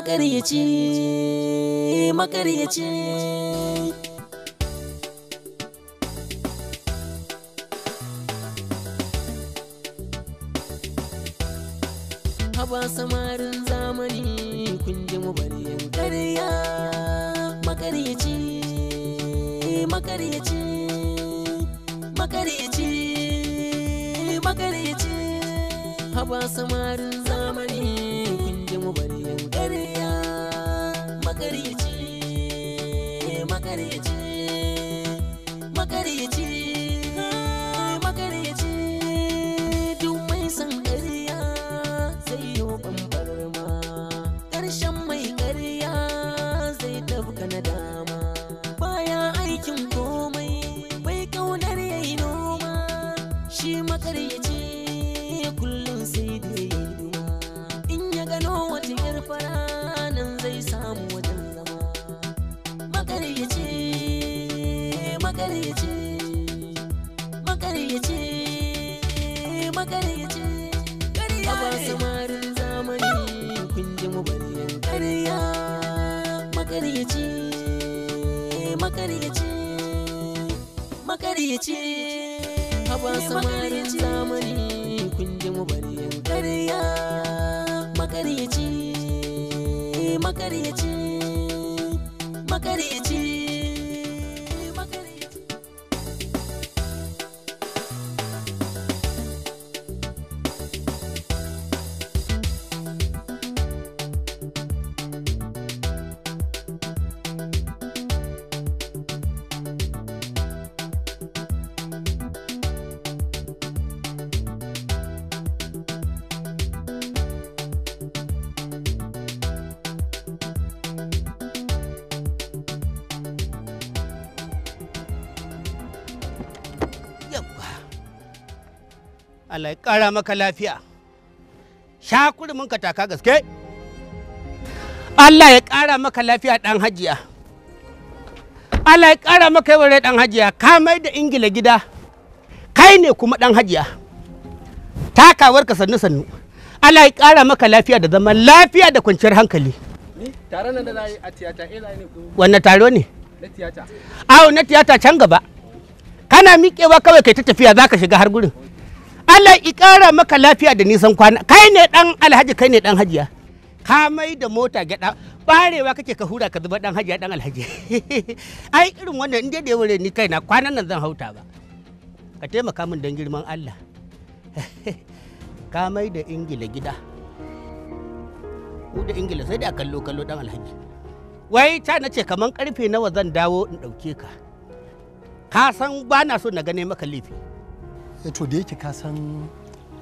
makaryaci makaryaci Allah ya ƙara maka lafiya sha mun ka taka gaske Allah ya ƙara maka lafiya ɗan hajiya Allah ya ƙara maka yawan rai ɗan hajiya ka mai da ingila gida kai ne kuma ɗan hajiya takawar ka sannu sannu Allah ya ƙara maka lafiya da zaman lafiya da kwanciyar hankali nan da na yi a tiyata eh, ne wanne taro ne na tiyata awo na tiyata can gaba kana miƙewa kawai kai ta tafiya za ka shiga har gurin Allah ya ƙara maka lafiya da nisan kwana kai ne dan alhaji kai ne dan hajiya ka mai da mota gyaɗa barewa kake ka hura ka zuba dan hajiya dan alhaji ai irin wannan inda da yaware ni kaina kwanan nan zan hauta ba ka taimaka min dan girman Allah ka mai da ingila gida ku da ingila sai da kallo kallo dan alhaji wai ta na ce kaman karfe nawa zan dawo in ɗauke ka ka san ba na so na gane maka laifi Eh, to da yake ka san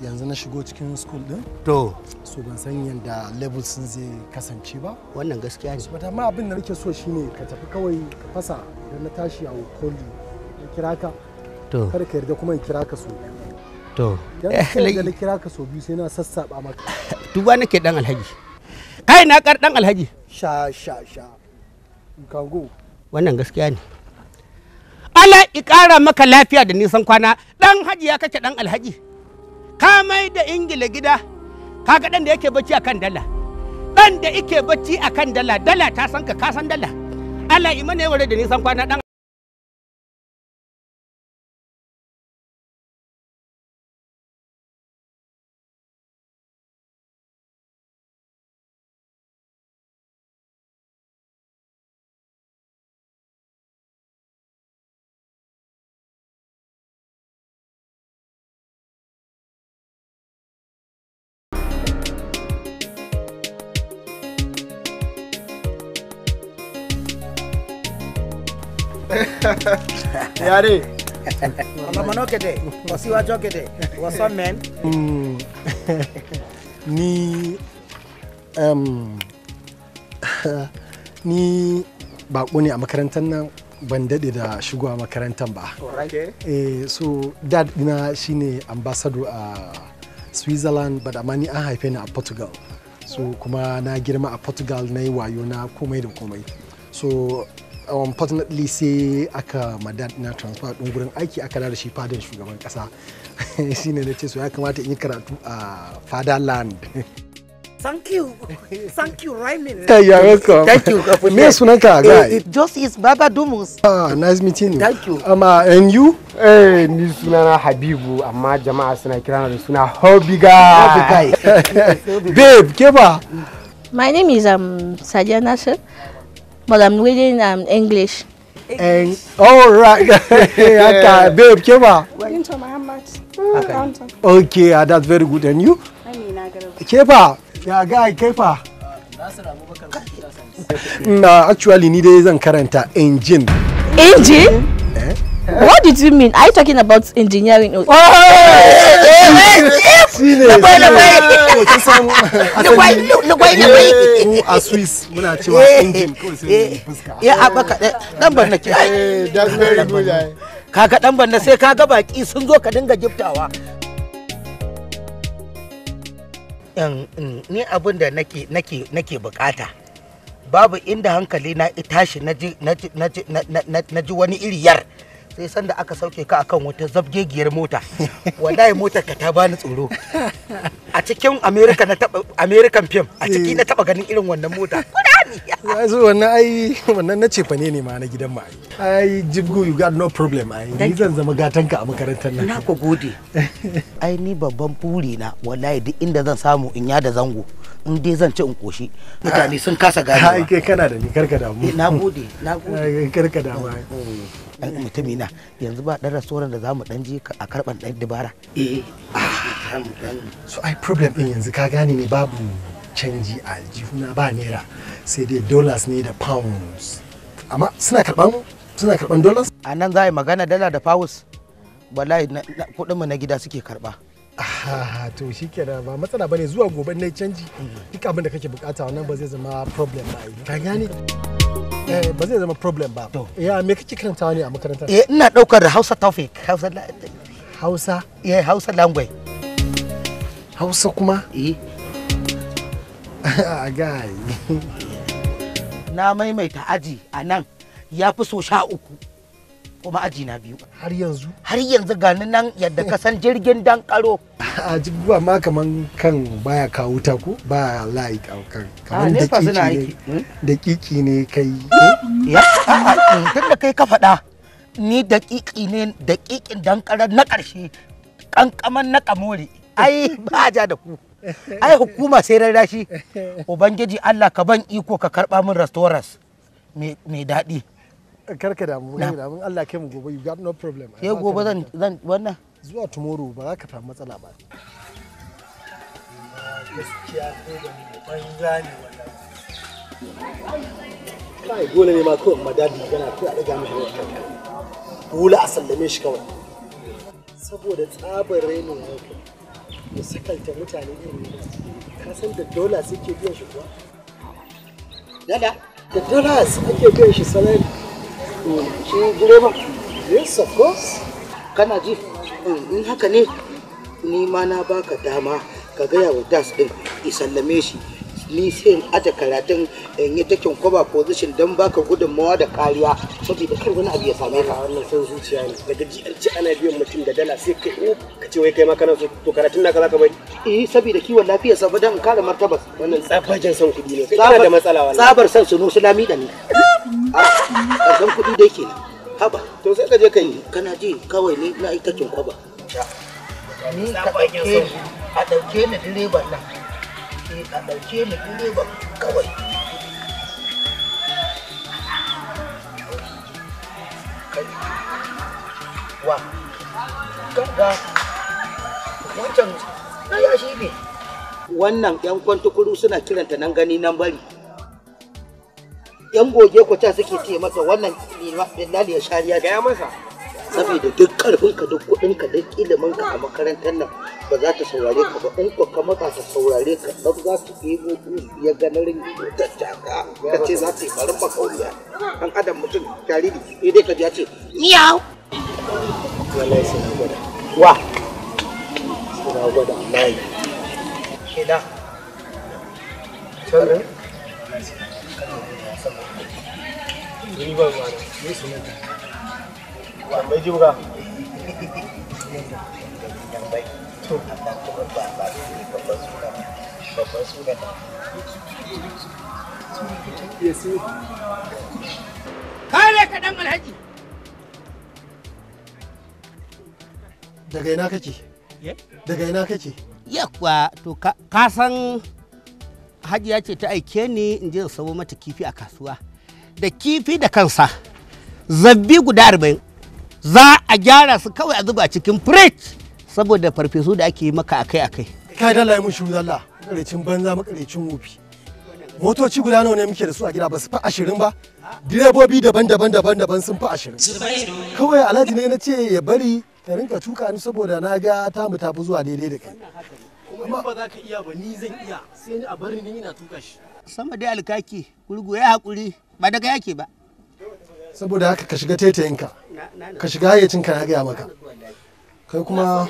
yanzu na shigo cikin school din to so ban san yanda level sun zai kasance ba wannan gaskiya ne but amma abin da nake so shine ka tafi kawai ka fasa idan na tashi a call you kira ka to kar ka yarda kuma in kira ka so to eh, yanzu da kira ka so biyu sai na sassaba maka duba nake dan alhaji kai na kar dan alhaji sha sha sha kango wannan gaskiya ne Allah ya ƙara maka lafiya da nisan kwana ɗan haji ya kake ɗan alhaji ka mai da ingila gida kaga ɗan da yake bacci akan dala ɗan da yake bacci akan dala dala ta san ka ka san dala Allah i mana yawar da nisan kwana ɗan yare mamano kete wasiwa jo kete ni ni bako ne a makarantar nan ban daɗe da shigo a makarantar ba eh, so dad ɗina shine ambassador a switzerland but amma ni an haife ni a portugal so kuma na girma a portugal na yi wayo na komai da komai so unfortunately um, sai aka madan na transfer din gurin aiki aka da shi fadan shugaban kasa shine na ce so ya kamata in yi karatu a fatherland Thank you. Thank you, right Hey, you're welcome. Thank you. Me sunanka eh, guy. It, just is Baba Dumus. Ah, nice meeting you. Thank you. Um, uh, and you? Eh, ni sunana Habibu, amma jama'a suna kira da suna Hobby guy. Babe, keba. My name is um Sajana sir but I'm reading um, English. English. And, All right. yeah. Babe, ke ba? Binta Muhammad. Okay, okay, that's very good. And you? I Garba. Ke ba? Ya guy, Kepa. ba? Na actually need is a current engine. Engine? Eh? What did you mean? Are you talking about engineering? Oh! Yes! Yes! Yes! Yes! Yes! to kin san lugwai eh, a swiss muna cewa eh, kawai sai eh, fuska ya ka ga kaga sai kaga baki sun zo ka dinga giftawa mm, ni abin da nake bukata babu inda hankali na tashi na ji wani iriyar sai sanda aka sauke ka akan wata zabgegiyar mota wallahi motar ka ta bani tsoro a cikin america na taba american film a ciki na taba ganin irin wannan mota ya zo wannan ai wannan na cefa ne ne ma na gidan ma ai jibgu you got no problem ai ni zan zama gatan ka a makarantar nan na ku gode ai ni babban buri na wallahi duk inda zan samu in ya da zango in dai zan ci in koshi mutane sun kasa gane ai kai kana da ni karka damu eh, na gode na gode karka damu eh, an mutumi na yanzu ba dan rasoran da zamu dan je a karban dan dubara eh, eh. Ah, so i problem din yanzu ka gane ne babu canji a jihuna ba naira sai dai dollars ne da pounds amma suna karban suna karban dollars a nan za a yi magana dala da pounds wallahi kuɗinmu na gida suke karba to shi kenan ba matsala bane zuwa gobe ne canji duk abin da kake bukata wannan ba zai zama problem ba ka gane eh, ba zai zama problem ba ya me kake karantawa ne a makaranta eh ina daukar da Hausa Tawfiq Hausa Hausa eh Hausa language Hausa kuma eh a na maimaita aji a nan ya fi so sha uku kuma aji na biyu har yanzu har yanzu gani nan yadda ka san jirgin dan karo a ba ma kaman kan baya kawo ta ko ba layi kan kaman da kiki ne da kiki ne kai da kai ka faɗa ni da kiki ne da kikin dan na ƙarshe kankaman na kamore ai ba ja da ku ai hukuma sai rarrashi ubangiji Allah ka ban iko ka karba min restaurants mai daɗi Kar ka damu karka damu Allah kai mu gobe you got no problem yau gobe zan zan wannan zuwa tomorrow ba za ka samu matsala ba gaskiya ko da mu banza ne wannan kai dole ne ma ko ma dadi magana ko a daga mishi wannan dole a sallame shi kawai saboda tsabar rainin wato da sakalta mutane irin ka san da dola suke biyan shi kuwa dada da dollars ake biyan shi salari shi direban yes of course kana ji eh, in haka ne ni ma na baka dama ka gaya wa das din isallame shi ni sai in aje karatun in yi takin kwaba position don baka gudunmawa da kariya saboda kar wani abu ya same ka wannan san zuciya ne daga ji an ci ana biyan mutum da dala sai kai oh, ka ce wai kai ma kana so to karatun naka zaka bari eh saboda kiwon lafiya saboda dan kare martabas wannan tsafajen san kudi ne kai da matsala wannan tsabar san su nusulami da ni a san kudi da yake haba to sai ka je ka yi kana ji kawai ne na yi takin kwaba ni ka ɗauke a ɗauke ni direban nan ce ka ɗauke ni direba kawai wannan yan kwantukuru suna kiranta nan gani nan bari yan goge ta suke ce masa wannan lillahi ya shariya gaya masa saboda duk karfinka duk kudinka duk iliminka a makarantar nan ba za ta saurare ka ba in ka mata ta saurare ka ba za ta ɗebo ya ganarin cutar jaka ka ce za ta yi farin makauniya an adam mutum jariri sai dai ka ji ya ce miyau wallahi sai na gwada wa sai na gwada wallahi kina sanin ni Thank you. to amma kuma ba ba su ka daga ina kake daga ina kake to ka san hajiya ce ta aike ni in je sabo mata kifi a kasuwa da kifi da kansa zabbi guda arba'in za a gyara su kawai a zuba cikin fridge saboda farfesu da ake maka akai akai kai dala ya mushi dalla makarecin banza makarecin wofi motoci guda nawa ne muke da su a gida ba su fa ashirin ba direbobi daban-daban daban-daban sun fa ashirin kawai alhaji ne na ce ya bari ta rinka tuka ni saboda na ga ta mu tafi zuwa daidai da kai kuma ba za ka iya ba ni zan iya sai ni a bari ni ina tuka shi sama dai alkaki gurgu ya hakuri ba daga yake ba saboda haka ka shiga taitayinka ka shiga hayyacinka na gaya maka kai kuma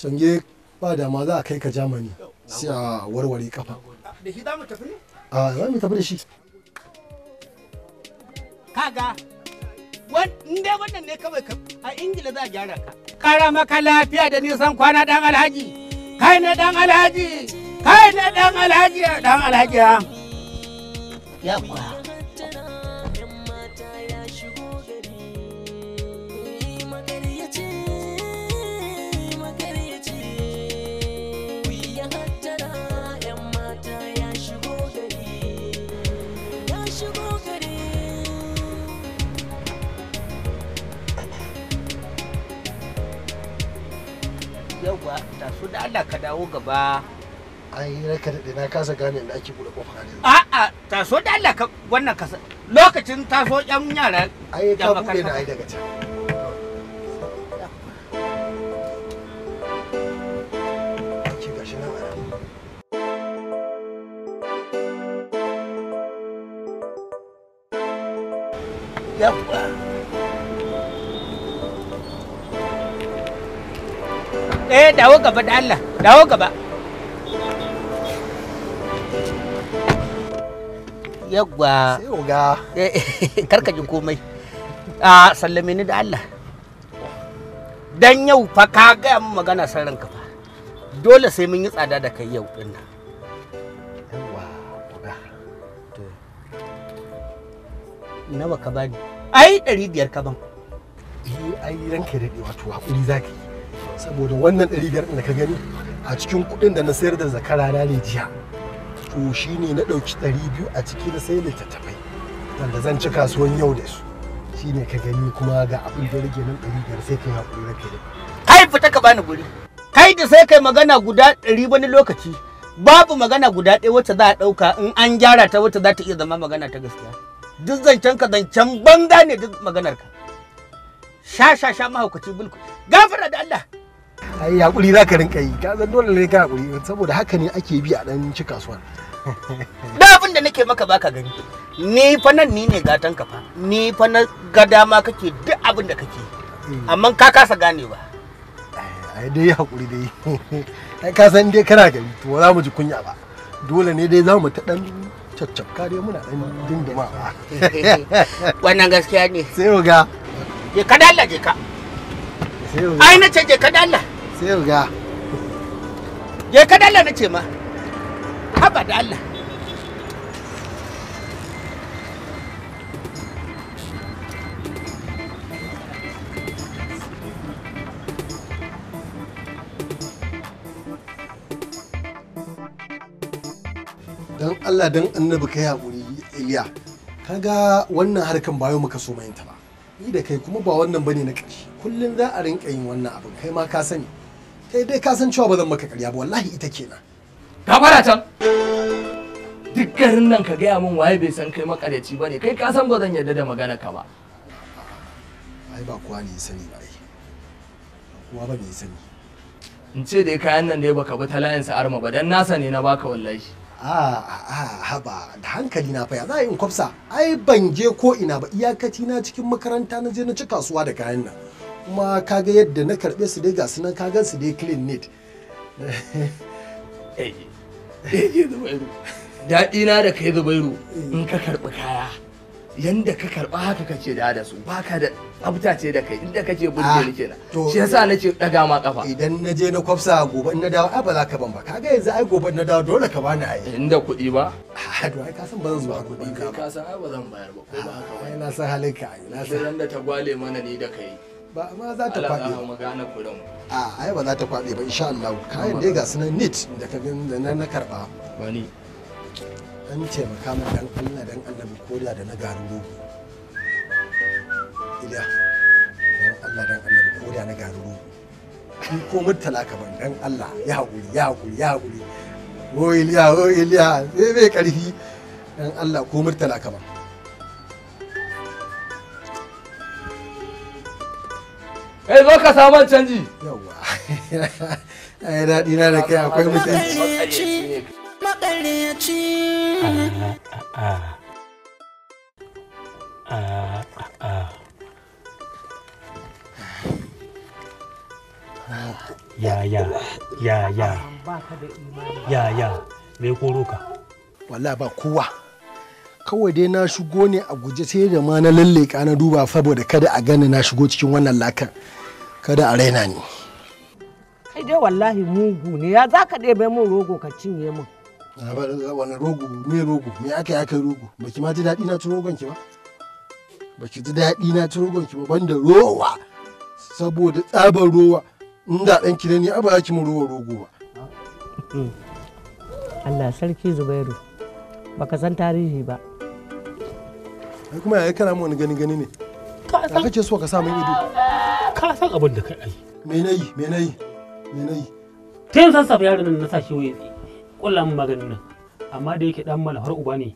cange ba dama za a kai ka jamani sai a warware kafa ah, da shi za mu tafi ne a za mu tafi da shi kaga in dai wannan ne kawai a ingila za a gyara ka kara maka lafiya da nisan kwana dan alhaji kai ne dan alhaji kai ne dan alhaji dan alhaji ya kwa yawwa taso da Allah ka dawo gaba ai raka da na kasa gane inda ake bude kofar a'a taso da Allah ka wannan kasa lokacin taso yan yara ai ka bude da ai daga can eh dawo gaba da Allah dawo gaba yagwa sai oga eh, karka jin komai a sallame ni da Allah dan yau fa ka ga mun magana san ranka fa dole sai mun yi tsada da kai yau din nan yagwa oga to nawa ka bani ai 500 ka ban eh ai ranka dade wato hakuri zaki saboda wannan 500 da ka gani a cikin kuɗin da na sayar da zakara na ne jiya to shi ne na ɗauki 200 a ciki na sai littattafai wanda zan ci kasuwan yau da su shi ne ka gani kuma ga abin da rage nan 500 sai ka yi haƙuri rake da kai fita ka bani guri kai da sai kai magana guda 100 wani lokaci babu magana guda ɗaya wacce za a ɗauka in an gyara ta wacce za ta iya zama magana ta gaskiya duk zancen ka zancen banga ne duk maganar ka sha sha sha mahaukaci bulku gafara da Allah ai hakuri za ka rinka yi ka zan dole ne ka hakuri saboda haka ne ake bi a dan ci kasuwa da abin da nake maka baka gani ni fa nan ni ne gatan ka fa ni fa na ga dama kake duk abin da kake eh. amma ka kasa gane ba eh, ai dai hakuri dai ai ka san dai kana gani to za mu ji kunya ba dole ne dai za mu ta dan caccabka dai muna dan dindima wannan gaskiya ne sai ga je ka dalla je ka ai na ce je ka dalla sai ga ya ka dalla na ce ma haba da Allah don Allah dan annabi kai hakuri Iliya kaga wannan harkan bayo muka so mayinta ba ni da kai kuma ba wannan bane na ƙarshe kullum za a rinka yin wannan abin kai ma ka sani kai dai ka san cewa ba zan maka karya ba wallahi ita kenan ka fara can duk garin nan ka gaya min waye bai san kai makaryaci ba ne kai ka san ba zan yarda da magana ka ba ai ba kuwa ne ya sani ba ba kuwa ba ne ya sani in ce dai kayan nan dai baka bi ta layin arma ba dan nasa ne na baka wallahi a ah, a ah, ah, haba da hankali na fa ya za a yi kwafsa ai ban je ko ina ba iyakaci na cikin makaranta na je na ci kasuwa da kayan nan kuma kaga yadda na karɓe su dai ga su nan kagan su dai clean neat eh. Eh, eh, daɗi na da kai zubairu in ka karɓi kaya yanda ka karɓa haka kace da da su baka da tsafta ce da kai inda kace burge ah, ni kenan shi yasa nace daga ma kafa idan na je na kwafsa gobe in na dawo a ba za ka ban ba kaga yanzu ai gobe na dawo dole ka bani ai inda kuɗi ba a ah, to ai ka san ba zan zuwa kuɗi ka ka san ai ba zan bayar ba ko ba haka ba ah, na san halinka ai na san yanda ta gwale mana ni da kai ba za ta kwaɗe a ai ba ba insha Allah kayan dai ga su na nit da ka gani da na karɓa wani an taimaka min dan Allah dan da na garin rogo iliya dan Allah dan Annabi koda na garin rogo ko murtala ka ban dan Allah ya haƙuri ya haƙuri ya haƙuri o iliya o iliya sai mai ƙarfi dan Allah ko murtala ka ban Eh zo ka samu canji. Yawwa. Ai daɗi na da kai akwai mutunci. Makareci. Ya ya ya ya ya ya me koro ka. Wallahi ba kowa. kawai dai na shigo ne a guje sai da ma na lalleka na duba saboda kada a gani na shigo cikin wannan lakar kada a raina ni kai dai wallahi mugu ne ya zaka ka ɗebe rogo ka cinye mun. a ba wani rogo me rogo me aka yi aka rogo ki ma ji daɗi na ci rogon ki ba ki ji daɗi na ci rogon ki ba banda rowa saboda tsabar rowa in da ɗan ki ne a ba ki mu rowa rogo ba hmm. Allah sarki Zubairu baka san tarihi ba ai kuma yaya kana mun gani gani ne ka san kake so ka sa min ido ka san abin da kai ai me nayi me nayi me nayi ta yin san sabu yaron nan na sa shi waye kulla mun maganin nan amma da yake dan mala har uba ne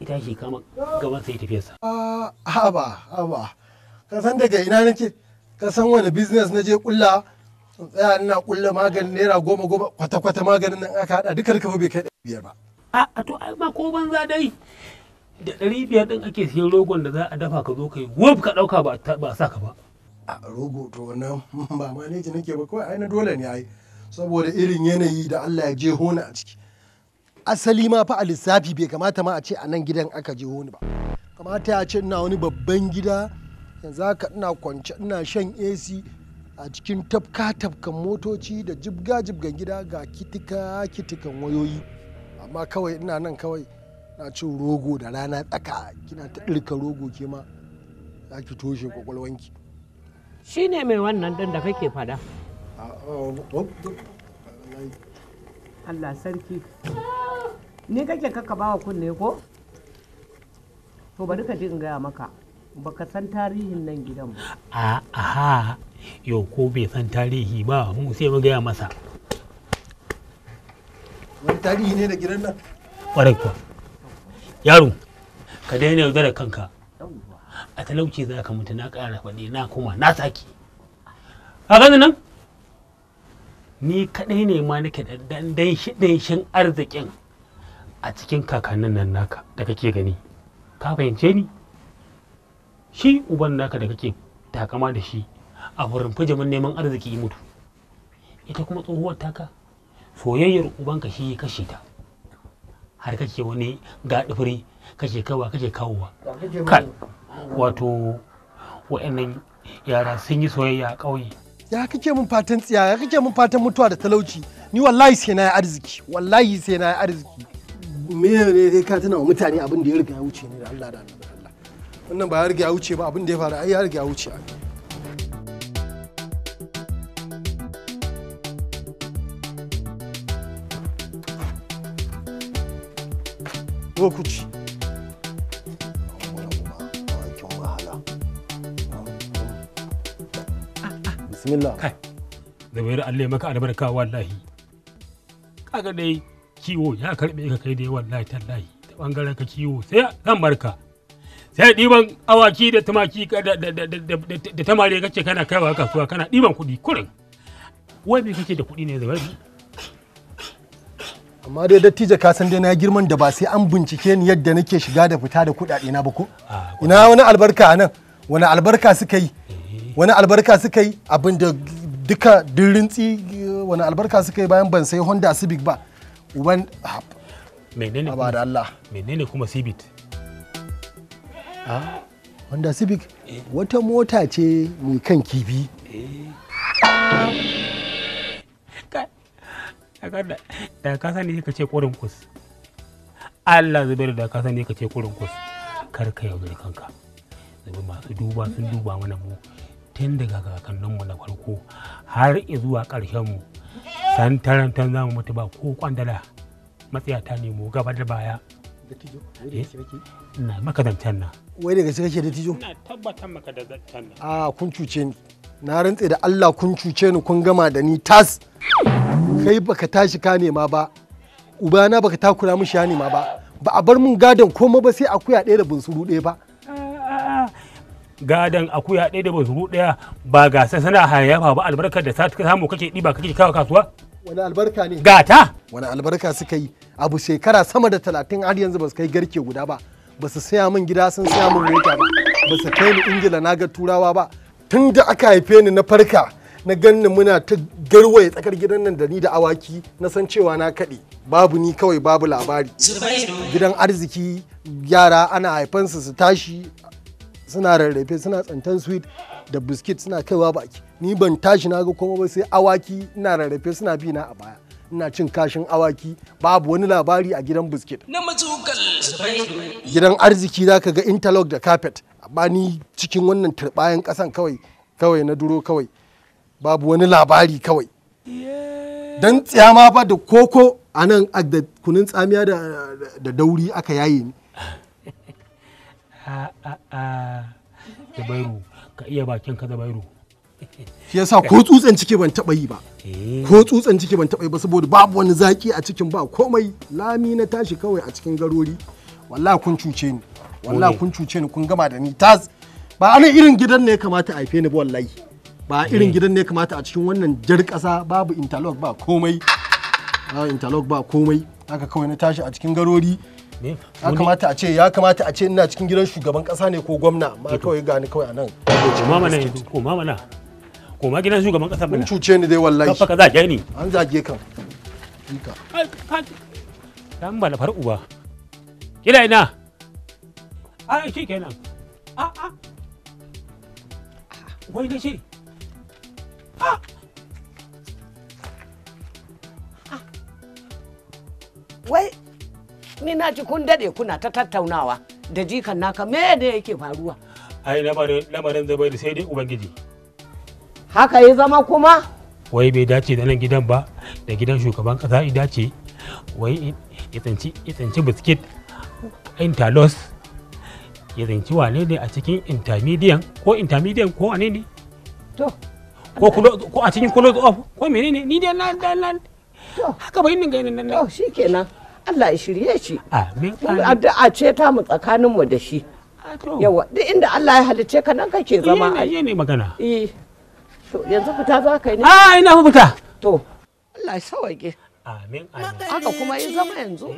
ita shi kama gaban sai tafiyarsa sa. Ah, haba haba ka san daga ina nake ka san wani business na je kulla tsaya ina kulla maganin naira goma goma kwata-kwata maganin nan aka hada duka kafa bai kai biyar ba a to ai ba ko banza dai da ɗari biyar ɗin ake siyan rogon da za a dafa ka zo ka yi wuf ka ɗauka ba a sa ka ba. a rogo to wannan ba ma ne nake ba kawai ai dole ne ai saboda irin yanayi da Allah ya je hona a ciki asali ma fa a lissafi bai kamata ma a ce a nan gidan aka je honi ba kamata ya ce ina wani babban gida yanzu haka ina kwance ina shan AC a cikin tafka tafkan motoci da jibga jibgan gida ga kitika kitikan wayoyi amma kawai ina nan kawai na cin rogo da rana tsaka kina ta ɗirka rogo ke ma za ki toshe kwakwalwanki shi ne mai wannan ɗin da kake fada oh, Allah sarki ni kake kaka bawa kunne ko to bari ka ji in gaya maka baka san tarihin nan gidan ba a ha yau ko bai san tarihi ba mu sai mu gaya masa wani tarihi ne da gidan nan ƙwarai yaro ka daina yaudar da kanka a talauci za ka mutu na ƙara faɗi na kuma na sake a gani nan ni kaɗai ne ma nake da danshin arzikin a cikin kakannin nan naka da kake gani ka fahimce ni shi uban naka da kake takama da shi a wurin fijimin neman arziki mutu ita kuma tsohuwar taka soyayyar ubanka shi kashe ta har kake wani gaɗifiri kake kawa kake kawowa kan wato wa'annan yara sun yi soyayya a ƙauye ya kake mun fatan tsiya ya kake mun fatan mutuwa da talauci ni wallahi sai na yi arziki wallahi sai na yi arziki me ne sai ka tana wa mutane abin da ya riga ya wuce ne da Allah da Allah wannan ba ya riga ya wuce ba abin da ya faru ai ya riga ya wuce ai ko ku ci bismillah da bayar Allah ya maka albarka wallahi kaga dai kiwo ya karbe ka kai dai wallahi tallahi ta bangaren ka kiwo sai zan barka sai ɗiban awaki da tumaki da tamare kake kana kaiwa kasuwa kana ɗiban kuɗi kurin wai me kake da kuɗi ne da amma dai dattijo ka san dai na girman da ba sai an bincike ni yadda nake shiga da fita da kudade na ba ko ah, ina wani albarka nan wani albarka suka yi eh. wani albarka suka yi abin da duka dirintsi wani albarka suka yi bayan ban sai honda civic ba uban menene ba da Allah menene kuma civic ah, honda civic eh. wata mota ce mai kan kibi eh. da ka sani ka ce kurin kus Allah zubairu da ka sani ka ce kurin kus kar ka yaudare kanka zubi masu duba sun duba mana mu tun daga mu na farko har zuwa mu. san tarantan zamu mutu ba ko kwandala matsayata ne mu gaba da baya na makadantar na wai daga suka ce da eh? tijo na tabbatar makadantar na a ah, kun cuce ni na rantse da Allah kun cuce ni kun gama da ni tas kai baka tashi ka nema ba ubana baka takura mishi ya nema ba ba a bar mun gadon koma ba sai akuya ɗaya da bunsuru ɗaya ba gadon akuya ɗaya da bunsuru ɗaya ba ga sai sana hayayyafa ba albarkar da ta samu kake ɗiba kake kawo kasuwa wani albarka ne gata wani albarka suka yi abu shekara sama da talatin har yanzu ba su kai garke guda ba ba su saya min gida sun saya min mota ba ba su kai ni ingila na ga turawa ba tun da aka haife ni na farka na ganin muna ta garwaye tsakar gidan nan da ni da awaki na san cewa na kaɗe babu ni kawai babu labari gidan arziki yara ana haifansu su tashi suna rarrafe suna tsantan sweet da biskit suna kaiwa baki ni ban tashi na ga kuma ba sai awaki ina rarrafe suna bi na a baya ina cin kashin awaki babu wani labari a gidan biskit gidan arziki zaka ga interlock da carpet bani cikin wannan turbayan kasan kawai kawai na duro kawai babu wani labari kawai don tsiyama fa da koko a nan da kunin tsamiya da dauri aka yaye ni Zabairu ka iya bakin ka shi yasa ko tsutsan ciki ban taba yi ba eh. ko tsutsan ciki ban taba yi ba saboda babu wani zaki a cikin ba komai lami na tashi kawai a cikin garori wallahi kun cuce ni wallahi kun cuce ni kun gama da ni tas ba anan irin gidan ne ya kamata a haife ni ba wallahi ba irin hmm. gidan ne ya kamata a cikin wannan jar kasa babu interlock ba komai ba interlock ba komai haka kawai na tashi a cikin garori ya kamata a ce ya kamata a ce ina cikin gidan shugaban kasa ne ko gwamna ma kawai ga ni kawai anan ko mama ne ko mama na ko ma gidan shugaban kasa bana cuce ni dai wallahi kafa ka zage ni an zage kan ka dan bala far uba kila ina a shi kenan no. Ah, wai ah. Voy a wai ni na ji kun daɗe kuna ta tattaunawa da jikan naka me ne yake faruwa ai lamarin zai bai da sai dai ubangiji haka ya zama kuma wai bai dace da nan gidan ba da gidan shugaban kasa ya dace wai ya tsinci biskit intalos ya zanci wane ne a cikin intermediate ko intermediate ko wane ne to ko a cikin close up ko menene ni dai na na haka bai nan gainin nan to shikenan Allah ya shirye shi amin a ce ta mu tsakanin mu da shi ah, yawa duk inda Allah ya halice ka nan kake zama a yi ne magana eh to yanzu fita za ka yi ne a ah, ina fita to Allah ya sawage Amin kuma zama yanzu.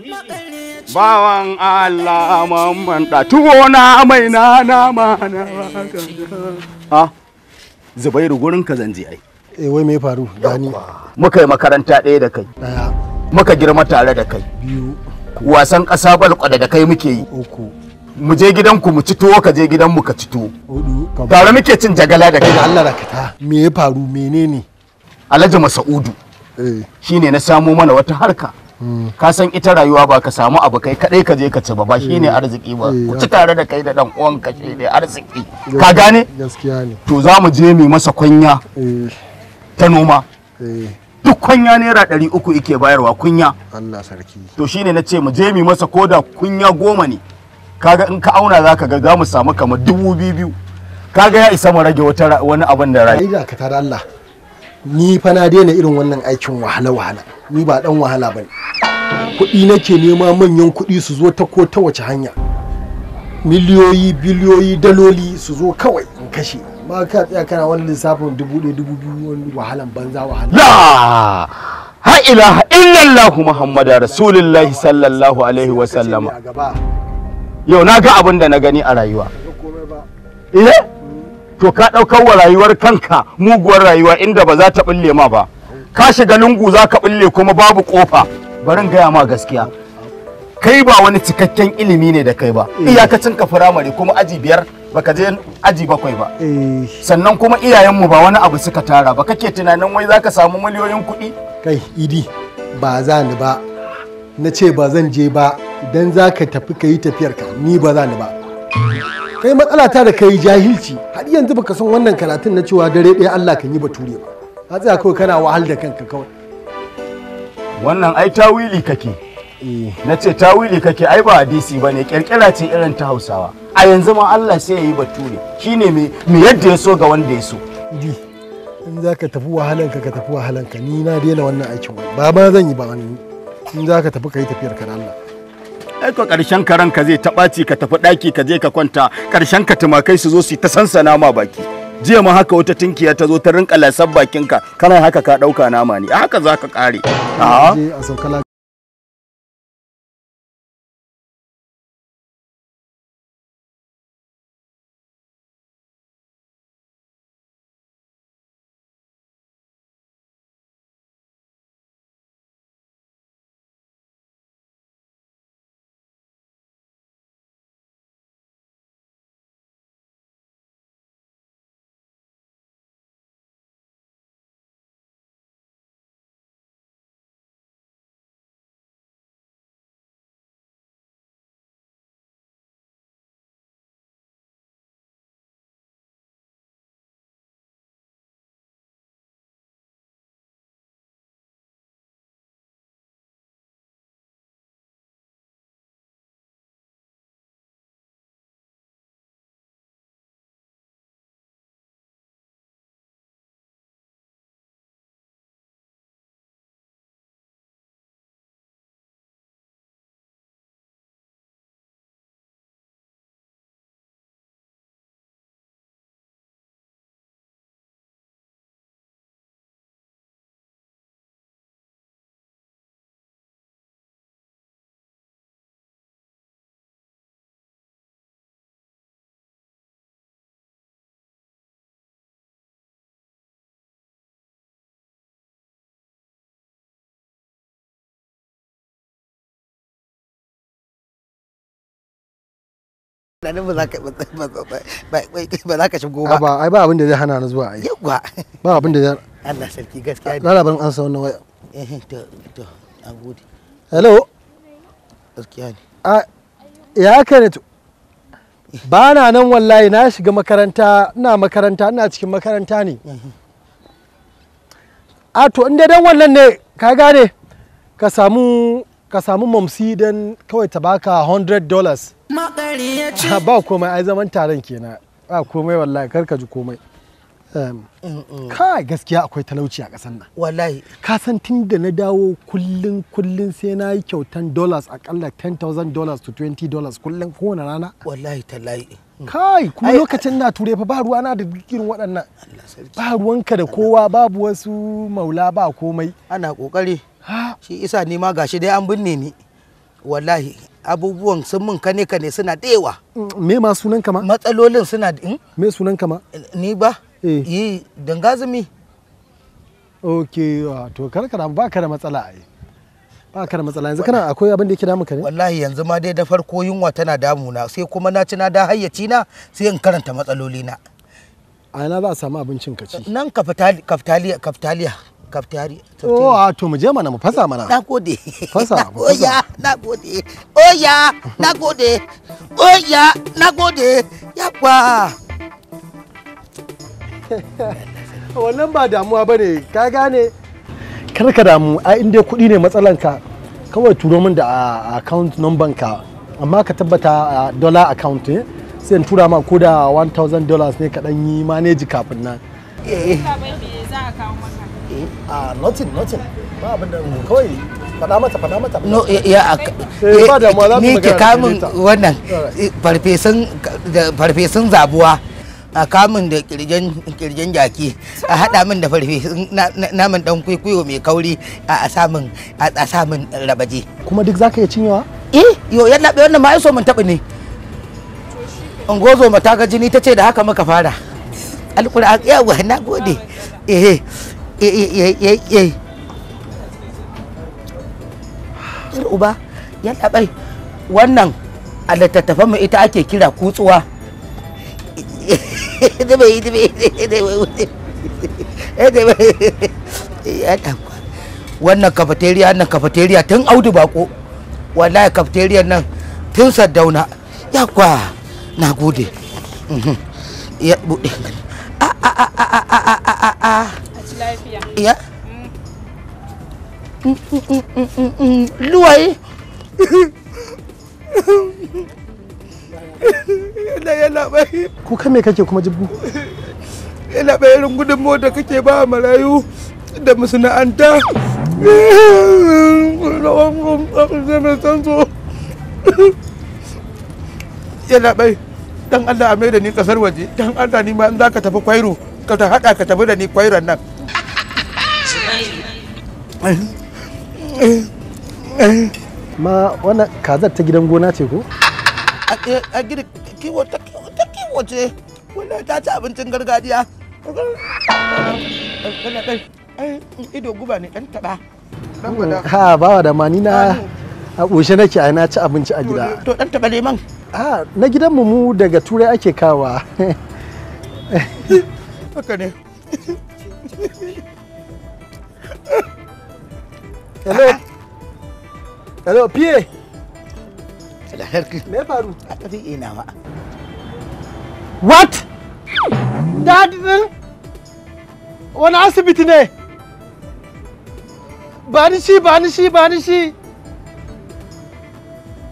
Bawan Allah mamman tuwo na mai na nama na ah, Zubairu gurin ka zanje ai. Eh wai me faru gani? Muka yi makaranta ɗaya da kai. Muka girma tare da kai. Biyu. Wasan ƙasa balkwada da kai muke yi. Uku. mu je gidanku mu ci tuwo ka je gidanmu ka ci tuwo. Tare muke cin jagala da kai. Allah rakata. Me ya faru menene? Alhaji Masa'udu. Eh. shine na samo mana wata harka hmm. ka san ita rayuwa ba ka samu abu kai kadai ka je ka ci ba ba shine hmm. arziki ba eh, ku ci tare da kai da dan uwan ka shine arziki ka gane gaskiya ne to za mu je mu masa kunya eh. ta noma duk kunya naira ɗari uku yake bayarwa kunya Allah sarki to shine na ce mu je mu masa koda kunya goma ne kaga in ka auna zaka ga za mu samu kamar dubu biyu kaga ya isa mu rage wani abin da rayu. da ka Allah. ni fa na daina irin wannan aikin wahala wahala ni ba dan wahala ba ne. kuɗi nake nema manyan kuɗi su zo ta ko ta wace hanya miliyoyi biliyoyi daloli su zo kawai in kashe ba ka tsaya kana wani lissafin dubu ɗaya dubu biyu wani wahalan banza wahala la ha ilaha illallah muhammadu rasulullahi sallallahu alaihi wa sallama yau na ga abin da na gani a rayuwa eh to ka ɗaukar wa rayuwar kanka muguwar rayuwa inda ba za ta ɓulle ma ba ka shiga lungu za ka ɓulle kuma babu ƙofa barin gaya ma gaskiya kai ba wani cikakken ilimi ne da kai ba eh. iyakacin ka firamare kuma aji biyar baka je aji bakwai ba eh. sannan kuma iyayenmu ba wani abu suka tara ba kake tunanin wai za ka samu miliyoyin kuɗi kai idi ba za ni ba na ce ba zan je ba idan za ka tafi ka yi tafiyarka ni ba za ni ba kai matsala ta da kai jahilci har yanzu baka san wannan karatun na cewa dare ɗaya Allah kan yi bature ba ka tsaya kawai kana wahal da kanka kawai wannan ai tawili kake eh. na ce tawili kake ai ba hadisi ba ne kirkira ce irin ta hausawa a yanzu ma Allah sai ya yi bature shine me me yadda ya so ga wanda ya so in za ka tafi wahalanka ka tafi wahalanka ni na daina wannan aikin ba ba zan yi ba ni in za ka tafi ka yi tafiyar ka da Allah aiko karshen karen ka zai ci ka tafi ɗaki ka je ka kwanta karshen ka tumakai su zo su ta sansana ma baki jiya ma haka wata tinkiya ta zo ta rinka lasar bakinka kana haka ka ɗauka nama ne haka za ka ƙare. tunanin ba za ka ba za ka shigo ba ba ai ba abin da zai hana ni zuwa ai yawa ba abin da zai Allah sarki gaskiya lalaban an sa wannan waya eh to to an gode hello gaskiya ne a ya ka ne to ba na nan wallahi na shiga makaranta ina makaranta ina cikin makaranta ne eh. a to inda dan wannan ne ka gane ka samu ka samu momsi don kawai ta baka 100 dollars ba komai ai zaman taron kenan ba komai wallahi kar ka ji komai ka gaskiya akwai talauci a kasan nan wallahi ka san tun da na dawo kullun kullun sai na yi kyautan dollars akalla 10000 dollars to 20 dollars kullun kowane rana wallahi tallahi mm. kai kuma lokacin na ture fa ba ruwa na da irin waɗannan ba ruwanka da kowa babu wasu maula ba komai ana kokari shi isa ni ma gashi dai an binne ni wallahi abubuwan sun mun kane kane suna dewa me ma sunan kama matsalolin suna hmm? me sunan kama ni ba eh. yi dangazumi wa ah, to karkara ba ka da matsala ai ba ka da matsala yanzu kana akwai abin da yake damu ka ne wallahi yanzu ma dai da farko yunwa tana damuna sai kuma na ci na da hayyaci na sai in karanta matsaloli na a yana za a samu abincin ka ci nan kaftaliya kaftaliya kaftari Oh, a ah, to mu je mana mu fasa mana na gode fasa mu. oya oh, na gode oya oh, na gode oya oh, na gode yakwa wannan ba damuwa bane ka gane karka damu a inda kuɗi ne matsalanka kawai turo min da ah, account number ka amma ka tabbata ah, dollar account ne sai in tura ma ko da 1000 dollars ne ka dan yi manage kafin nan eh za a kawo a ah, nothing nothing ba abin da kawai faɗa mata faɗa mata no ya eh, eh, ni ki kamun wannan eh, farfesun da farfesun zabuwa a kamun da kirjen kirjen jaki a hada min da farfesun naman dan kwaikwayo mai kauri a samun a samun rabaje kuma duk zaka iya cinyewa eh yo yalla bai wannan ma ai so mun taɓa ne ungozo mata ga jini tace da haka muka fara alƙur'an yawa na gode eh yayi uba ya labai wannan a littattafan mu ita ake kira kutsuwa eh, eh, wannan cafeteria nan cafeteria tun audu bako wallahi cafeteria nan tun saddauna ya kwa na gode mhm. ya bude a a a a a a a lafiya mm, mm, mm, luwai yana yana bai kuka kake kuma jibbu yana bai irin kake ba marayu yana bai dan Allah a mai da ni kasar waje dan Allah ni ma in zaka tafi kwairo ka ta hada ka tafi da ni kwairon nan ma wannan kazar ta gidan gona ce ko a eh, gida kiwo ta kiwo ce wannan ta ci abincin gargajiya ido guba ne dan taba ha bawa da mani na a ƙoshe nake a na ci abinci a gida to dan taba leman ha na gidan mu daga turai ake kawa haka ne Hello. Hello, Pierre. Hello, Herky. Me paru. Ata fi ina ma. What? Dad din? Wani asibiti ne? Ba ni shi, ba shi, ba shi.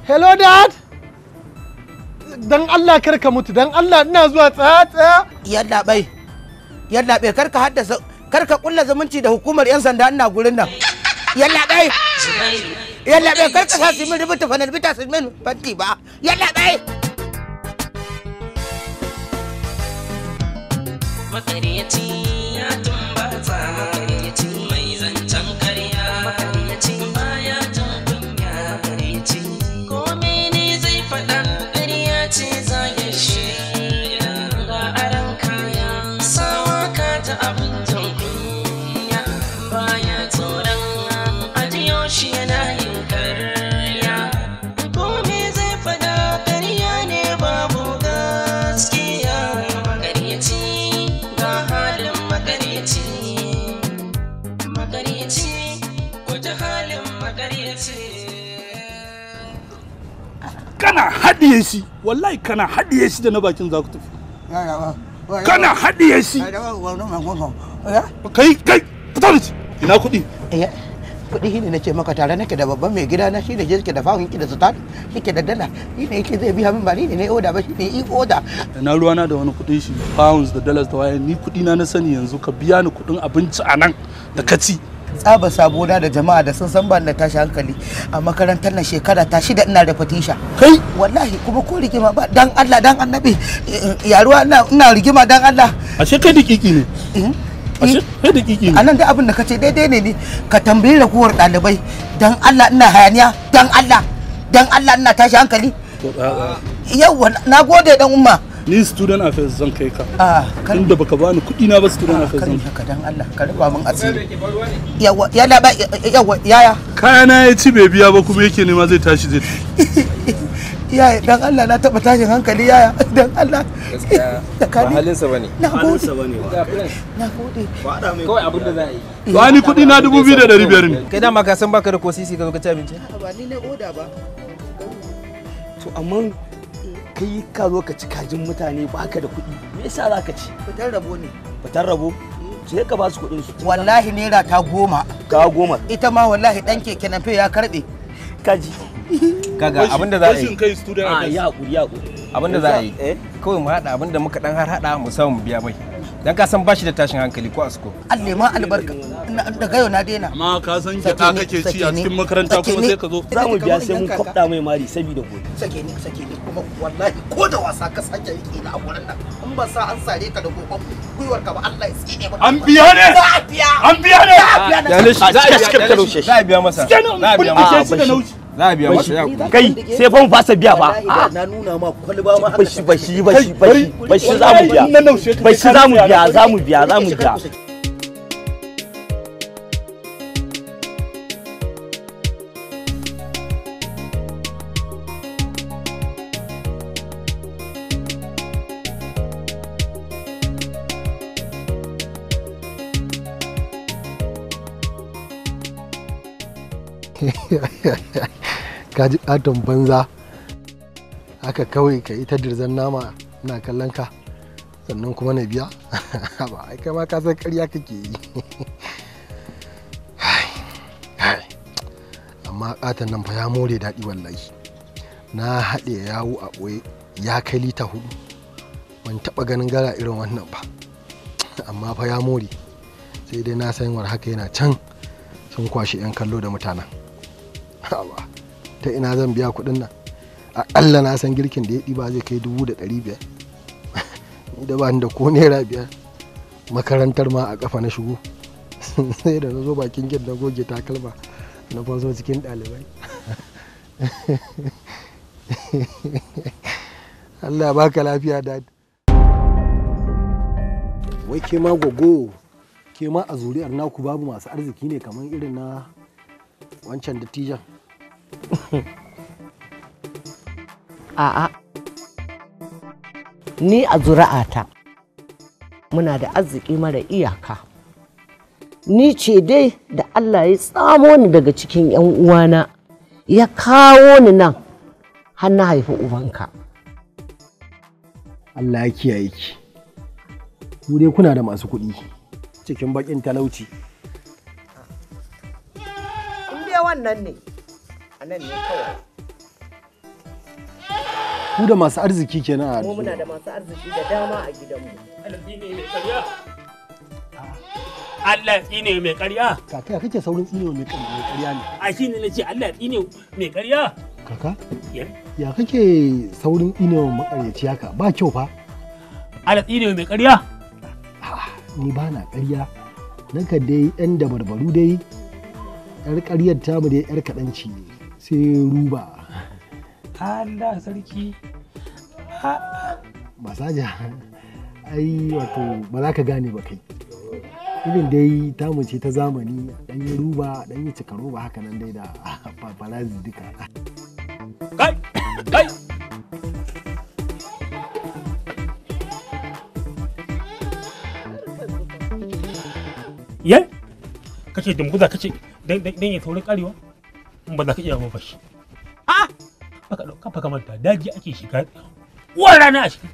Hello, Dad. Dan Allah kar ka mutu, dan Allah ina zuwa tsaya tsaya. Yalla bai. Yalla bai kar ka haddasa kar ka kulla zumunci da hukumar 'yan sanda ina gurin nan. yalla bai yalla bai kar ka sa su min rubuta fanar bita su min fanti ba yalla bai kana haɗiye shi wallahi kana haɗiye shi da na bakin za ku tafi kana haɗiye shi kai kai fita da shi ina kuɗi eh, kuɗi shi ne na ce maka tare nake da babban mai gida na shi ne jirki da fahun da sutan shi da dala shi ne yake zai biya min ba ni ne na oda ba shi ne i oda na ruwana da wani kuɗin shi pounds da dollars da waye ni kuɗi na na sani yanzu ka biya ni kuɗin abinci a nan da ka ci. tsaba sabona da jama'a da sun san ban da tashi hankali a makarantar na shekara ta shida ina da fatisha kai wallahi kuma ko rigima ba dan Allah dan annabi eh, yaruwa ina rigima dan Allah ashe kai kiki ne eh, ashe eh. da kiki ne anan da abin da kace daidai ne ne ka tambayi ragowar dalibai dan Allah ina hayaniya dan Allah dan Allah ina tashi hankali yauwa gode dan umma ni student affairs zan kai ka ah, tun da baka bani kudi na ba student ah, affairs zan kai ka dan Allah ka rufa min asiri yawa ya ba yawa yaya kayana ya ci bai biya ba kuma yake nema zai tashi zai yaya dan Allah na taba tashin hankali yaya dan Allah ba sa bane na gode na gode kawai abin da za a yi ba ni kudi na dubu biyu da biyar ne kai ma ka san baka da kosisi ka zo ka ci abinci ba ni na oda ba to amma kai ka zo ka ci kajin mutane baka da kuɗi me yasa za ka ci fitar rabo ne fitar rabo mm. sai ka ba su kuɗin su wallahi naira ta goma ka goma ita ma wallahi dan keke na ya karbe kaji kaga abinda za a yi kai student a ya kuri ya hakuri abinda za a yi eh? kawai mu hada abinda muka dan har hada mu samu biya bai dan ka san bashi da tashin hankali ko asko Allah ma albarka daga yau na daina amma ka san ki ta kake ci a cikin makaranta kuma sai ka zo za mu biya sai mun kwafta mai mari saboda gobe sake ni sake ni wallahi ko da wasa ka sake rike a nan in ba sa an sare ka da gogon gwiwar ka ba Allah ya tsine an biya ne za a biya an biya ne za a biya shi za a biya masa za a biya masa za a biya masa kai sai fa mu fasa biya ba ah. na nuna ma kwalba ma bashi bashi bashi bashi za mu biya bashi za mu biya za mu biya za mu biya ka ji katon banza haka kawai ka yi ta dirzan nama na kallon ka sannan kuma na biya ba ai kai ma ka san ƙarya kake yi amma katon nan fa ya more daɗi wallahi na haɗe yawo a ɓoye ya kai lita hudu ban taɓa ganin gara irin wannan ba amma fa ya more sai dai na san haka yana can sun kwashe 'yan kallo da mutanen ta ina zan biya kuɗin nan aƙalla na san girkin da ya ɗiba zai kai dubu da ɗari biyar da bani da ko naira biyar makarantar ma a ƙafa na shigo sai da na zo bakin gid na goge takalma na faso cikin ɗalibai Allah baka lafiya dad wai ke ma gogo ke ma a zuri'ar naku babu masu arziki ne kamar irin na wancan dattijan A'a, ni a zuri'ata muna da arziki mara iyaka. Ni ce dai da Allah ya tsamo ni daga cikin 'yan uwana ya kawo ni nan har na haifi ubanka. Allah ya kiyaye ki. Ku dai kuna da masu kuɗi cikin baƙin talauci. In wannan ne. a nan ne kawai ku da masu arziki kenan a arziki. muna da masu arziki da dama a gidanmu Allah tsine mai ƙarya. Kaka ya kake saurin tsine mai ƙarya ne? A shi ne na ce Allah tsine mai ƙarya. Kaka? Ya kake saurin tsine mai maƙaryaci haka ba kyau fa? Allah tsine mai ƙarya? Ni ba na ƙarya. nakan dai 'yan dabarbaru dai 'yar ƙaryar tamu dai 'yar kaɗanci ne. sai ruba Allah sarki ja ai wato ba za ka gane ba kai irin dai tamu ce ta zamani dan yi ruba dan yi cika ba haka nan dai da paparazzi duka kai kai ye kace dumguza kace dan dan ya saurin karewa in ba za ka iya ba fashi a baka ɗauka baka manta daji ake shiga uwar rana a shiga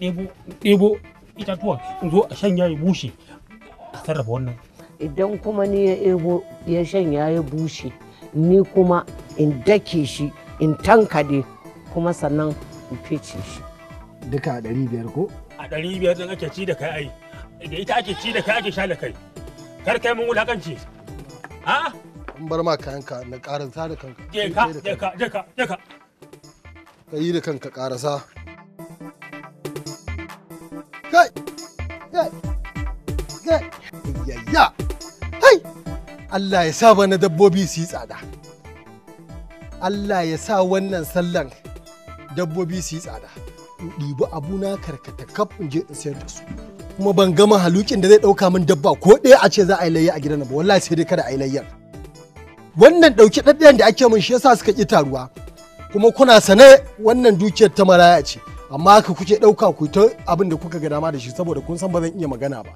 ɗebo ɗebo itatuwa in zo a shan ya bushe a sarrafa wannan idan kuma ni ya ɗebo ya shanya ya bushe ni kuma in dake shi in tankade kuma sannan in fice shi duka a ɗari biyar ko a ɗari biyar ɗin ake ci da kai ai da ita ake ci da kai ake sha da kai kar kai mun wulakanci ha. in bar ma kayanka na karanta da kanka je ka je ka je ka je ka ka yi da kanka karasa kai kai kai yayya hai Allah ya sa bana dabbobi su yi tsada Allah ya sa wannan sallan dabbobi su yi tsada in ɗibi abuna karkata kaf in je in sayar da su kuma ban gama halukin da zai ɗauka min dabba ko ɗaya a ce za a yi layya a gidan ba wallahi sai dai kada a yi layyar. wannan ɗauki ɗaɗɗayan da ake mun shi yasa suka ƙi taruwa kuma kuna sane wannan dukiyar ta maraya ce amma haka kuke ɗauka ku ta abin da kuka ga dama da shi saboda kun san ba zan iya magana ba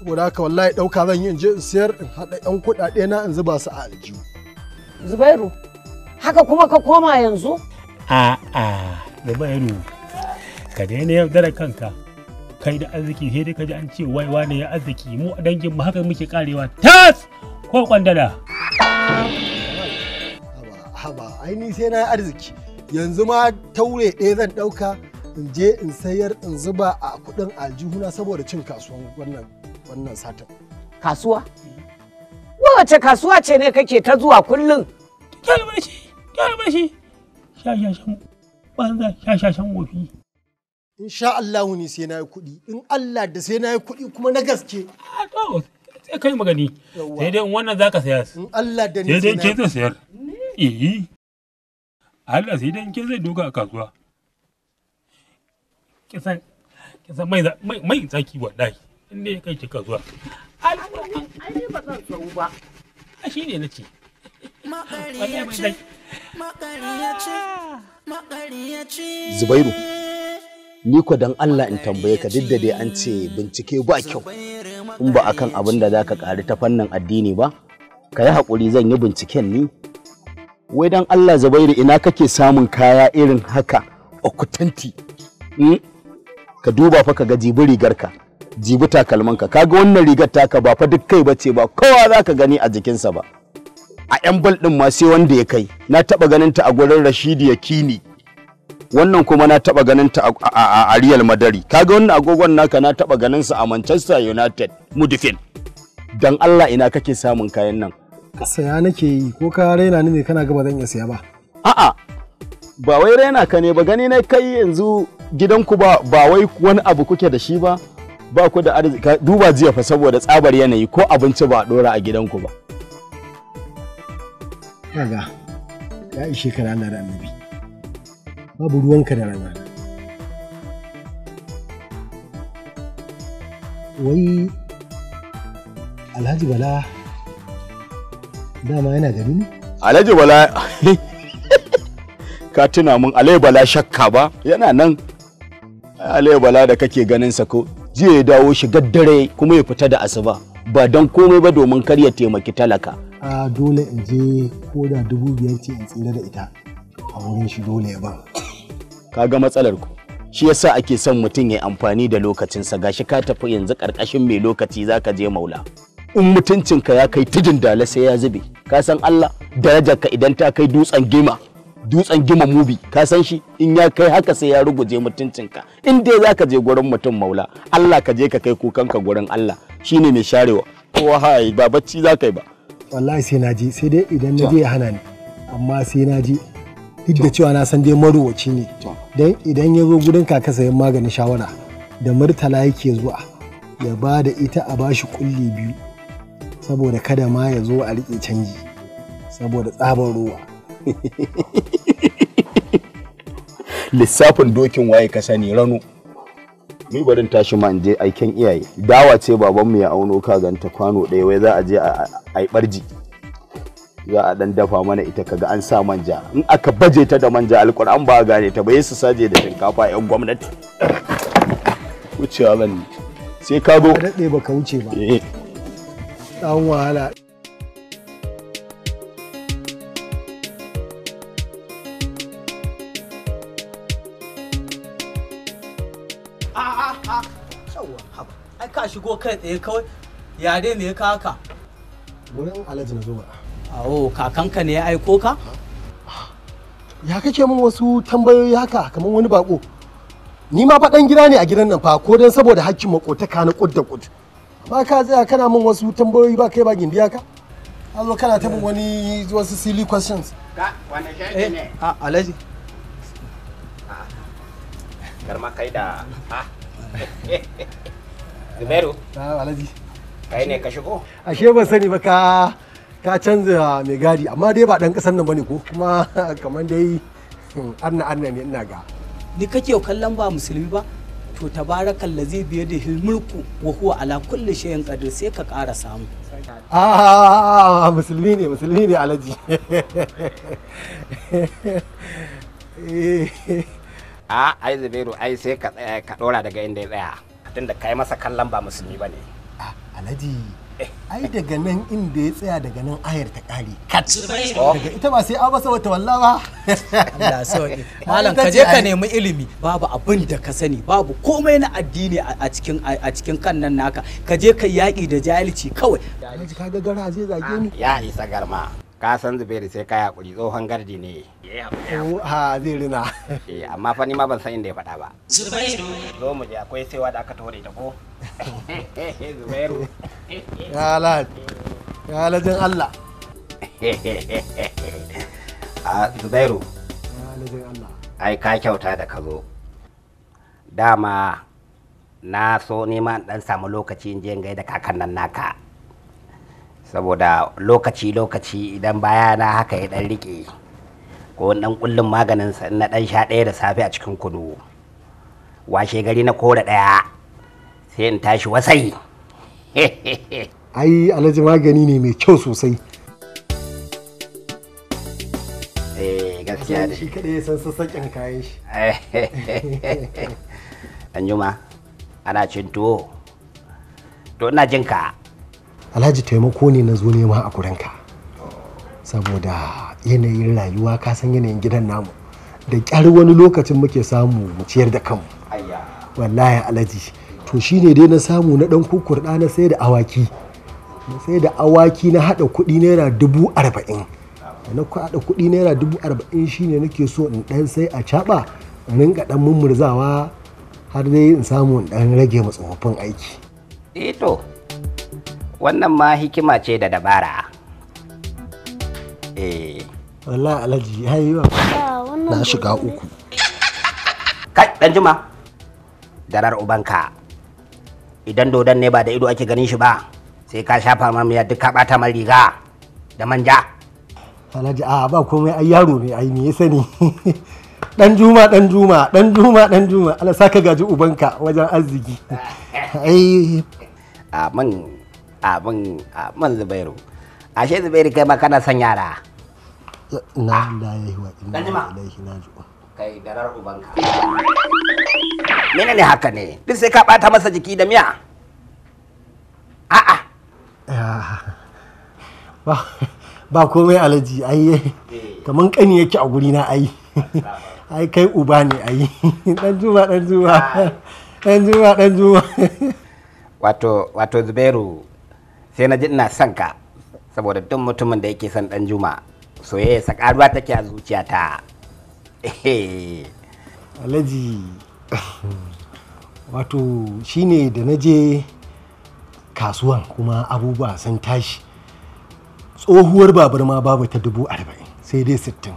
saboda haka wallahi ɗauka zan yi in je in siyar in haɗa ƴan kuɗaɗe na in zuba su a aljihu. Zubairu haka kuma ka koma yanzu? A'a Zubairu ka daina yaudara kanka kai da arziki sai dai ka ji an ce wai wane ya arziki mu a danginmu haka muke karewa tas ko kwandala haba haba, aini sai na arziki yanzu ma taure ɗaya zan ɗauka in je in sayar in zuba a kuɗin aljihuna saboda cin kasuwan wannan wannan satin kasuwa wace kasuwa ce ne kake ta zuwa kullum kyalmashi kyalmashi shashashan banza shashashan wofi in sha Allah wuni sai na yi kuɗi in Allah da sai na yi kuɗi kuma na gaske ah, to, sai kai magani sai dai wannan zaka saya in Allah da ni sai dai kin zai sayar eh Allah sai dai kin zai duka a kasuwa kisan kisan mai mai mai zaki wallahi in ne kai ki kasuwa Allah ai ba zan sau ba a shine nace Zubairu, ni ko don Allah in tambaye ka duk da dai an ce bincike ba kyau. in ba akan abin da zaka ƙari ta fannin addini ba ka yi haƙuri zan yi binciken ni wai dan Allah Zubairu ina kake samun kaya irin haka okutanti hmm? ka duba fa ka ga jibi rigarka jibi takalmanka kaga wannan rigar taka ba fa duk kai bace ba kowa zaka gani a jikinsa ba a yan bal din ma sai wanda ya kai na taba ganin ta a gurin Rashidi Yakini wannan kuma na taba ganin ta a Real madari kaga wannan agogon naka na taba ganin sa a Manchester United Mudifin dan Allah ina kake samun kayan nan saya nake yi ko ka raina ni ne kana gaba zan iya saya ba a'a ba wai raina ka ne ba gani na kai yanzu gidanku ba ba wai wani abu kuke da shi ba ba ku da arziki duba jiya fa saboda tsabar yanayi ko abinci ba a dora a gidanku ba kaga ya ishe kana da annabi babu ruwanka da rana wai alhaji bala dama yana gani ne alhaji bala ka tuna mun alhaji bala shakka ba yana nan alhaji bala da kake ganin sa ko jiya ya dawo shi dare kuma ya fita da asuba ba don komai ba domin kar ya taimaki talaka a dole in je ko da dubu biyar ce in tsira da ita a wurin shi dole ba. kaga matsalar ku shi yasa ake son mutum ya amfani da lokacinsa gashi ka tafi yanzu karkashin mai lokaci zaka je maula in mutuncinka ya kai tijin dala sai ya zube ka san Allah darajarka idan ta kai dutsen gima dutsen gima mubi ka san shi in ya kai haka sai ya ruguje mutuncinka in dai zaka je gurin mutum maula Allah ka je ka kai kukanka gurin Allah shine mai sharewa wahai ba bacci zaka yi ba wallahi sai naji sai dai idan naje ya hana ni amma sai naji duk da cewa na san dai marowaci ne dan idan ya zo gurin kaka sayan maganin shawara da murtala yake zuwa ya ba da ita a ba shi kulli biyu saboda kada ma ya zo a rike canji saboda tsabar ruwa lissafin dokin waye ka sani rano ni barin tashi ma in je aiken iyaye dawa ce babanmu ya auno ka ganta kwano ɗaya wai za a je a barji za a dan dafa mana ita kaga an sa manja in aka baje ta da manja alkur'an ba gane ta ba su saje da shinkafa yan gwamnati wucewa zan sai ka zo daɗe ba ka wuce ba eh. ɗan wahala ai ka shigo kai tsaye kawai yare ne ya kaka wurin alhaji na zo awo kakanka ne ya aiko ka ya kake min wasu tambayoyi haka kamar wani bako ni ma faɗan gida ne a gidan nan fa ko dan saboda hakkin makotaka na kud da kud ba ka tsaya kana min wasu tambayoyi ba kai ba gindi haka? Allo kana ta min wani wasu silly questions ka wani shaidi eh, ne a alaji karma kai da ha zubairu ta alaji kai ne ka shigo ashe ban sani ba ka ta canza mai gadi amma dai ba dan kasar nan bane ko kuma kamar dai hmm, anna anna ne ina ga ni kake kallon ba musulmi ba to tabarakal lazi bi da hilmulku wa huwa ala kulli shay'in qadir sai ka ƙara samu ah musulmi ne musulmi ne alaji a ah, ai zubairu ai sai ka ka dora daga inda ya tsaya tunda kai masa kallon ba musulmi bane alaji ah, ai daga nan inda ya tsaya daga nan ayar ta kare daga ita ba sai abasa wata walla ba malam ka je ka nemi ilimi babu abin da ka sani babu komai na addini a cikin a cikin kan nan naka ka je ka yaki da jahilci kawai ka ga gara zai zage ni ya isa garma ka san zubairu sai ka yaƙuri tsohon gardi ne ha zai rina eh, amma fa ni ma ban san inda ya faɗa ba zubairu zo mu je akwai sai da aka tore ta ko zubairu ya halad ya haladin allah a ah, zubairu ai ka kyauta da ka zo dama na so neman dan samu lokaci in je in gaida kakan nan naka saboda lokaci-lokaci idan baya na haka ya dan rike ko dan kullun maganin na dan sha ɗaya da safe a cikin kudu. washe gari na kore ɗaya sai in tashi wasai ai alhaji magani ne mai kyau sosai eh gaskiya shi kadai san sassaƙin kayan shi anjuma ana cin tuwo to ina jinka alhaji taimako ne na zo nema a ka saboda yanayin rayuwa ka san yanayin gidan namu da kyar wani lokacin muke samu mu ciyar da kanmu wallahi alhaji to shine dai na samu na dan kukurda na sai da awaki na sai da awaki na hada kuɗi naira dubu arba'in na hada kuɗi naira dubu arba'in shine nake so in dan sai a caɓa in rinka dan mummurzawa har dai in samu in dan rage mu tsofaffin aiki eh to wannan ma hikima ce da dabara eh wallahi alhaji haiwa na shiga uku kai dan juma darar ubanka idan dodon ne ba da ido ake ganin shi ba sai ka shafa mamiya duk ka bata man riga da manja alhaji a ba komai ai yaro ne ai me ya sani dan juma dan juma dan juma dan juma Allah saka gaji ubanka wajen arziki ai man abin man zubairu ashe zubairu kai ma kana son yara na lillahi wa inna ilaihi raji'un kai darar ubanka menene haka ne duk sai ka bata masa jiki da miya a'a ba komai alaji ai eh. kaman kani yake a guri na ai ai kai uba ne ai dan zuba dan zuba dan zuba dan zuba wato wato zubairu sai na ji ina son ka saboda duk mutumin da yake son dan juma soyayya sakaruwa take a zuciyata alhaji wato shine da na je kasuwan kuma abubuwa sun tashi tsohuwar babar ma babu ta dubu arba'in sai dai sittin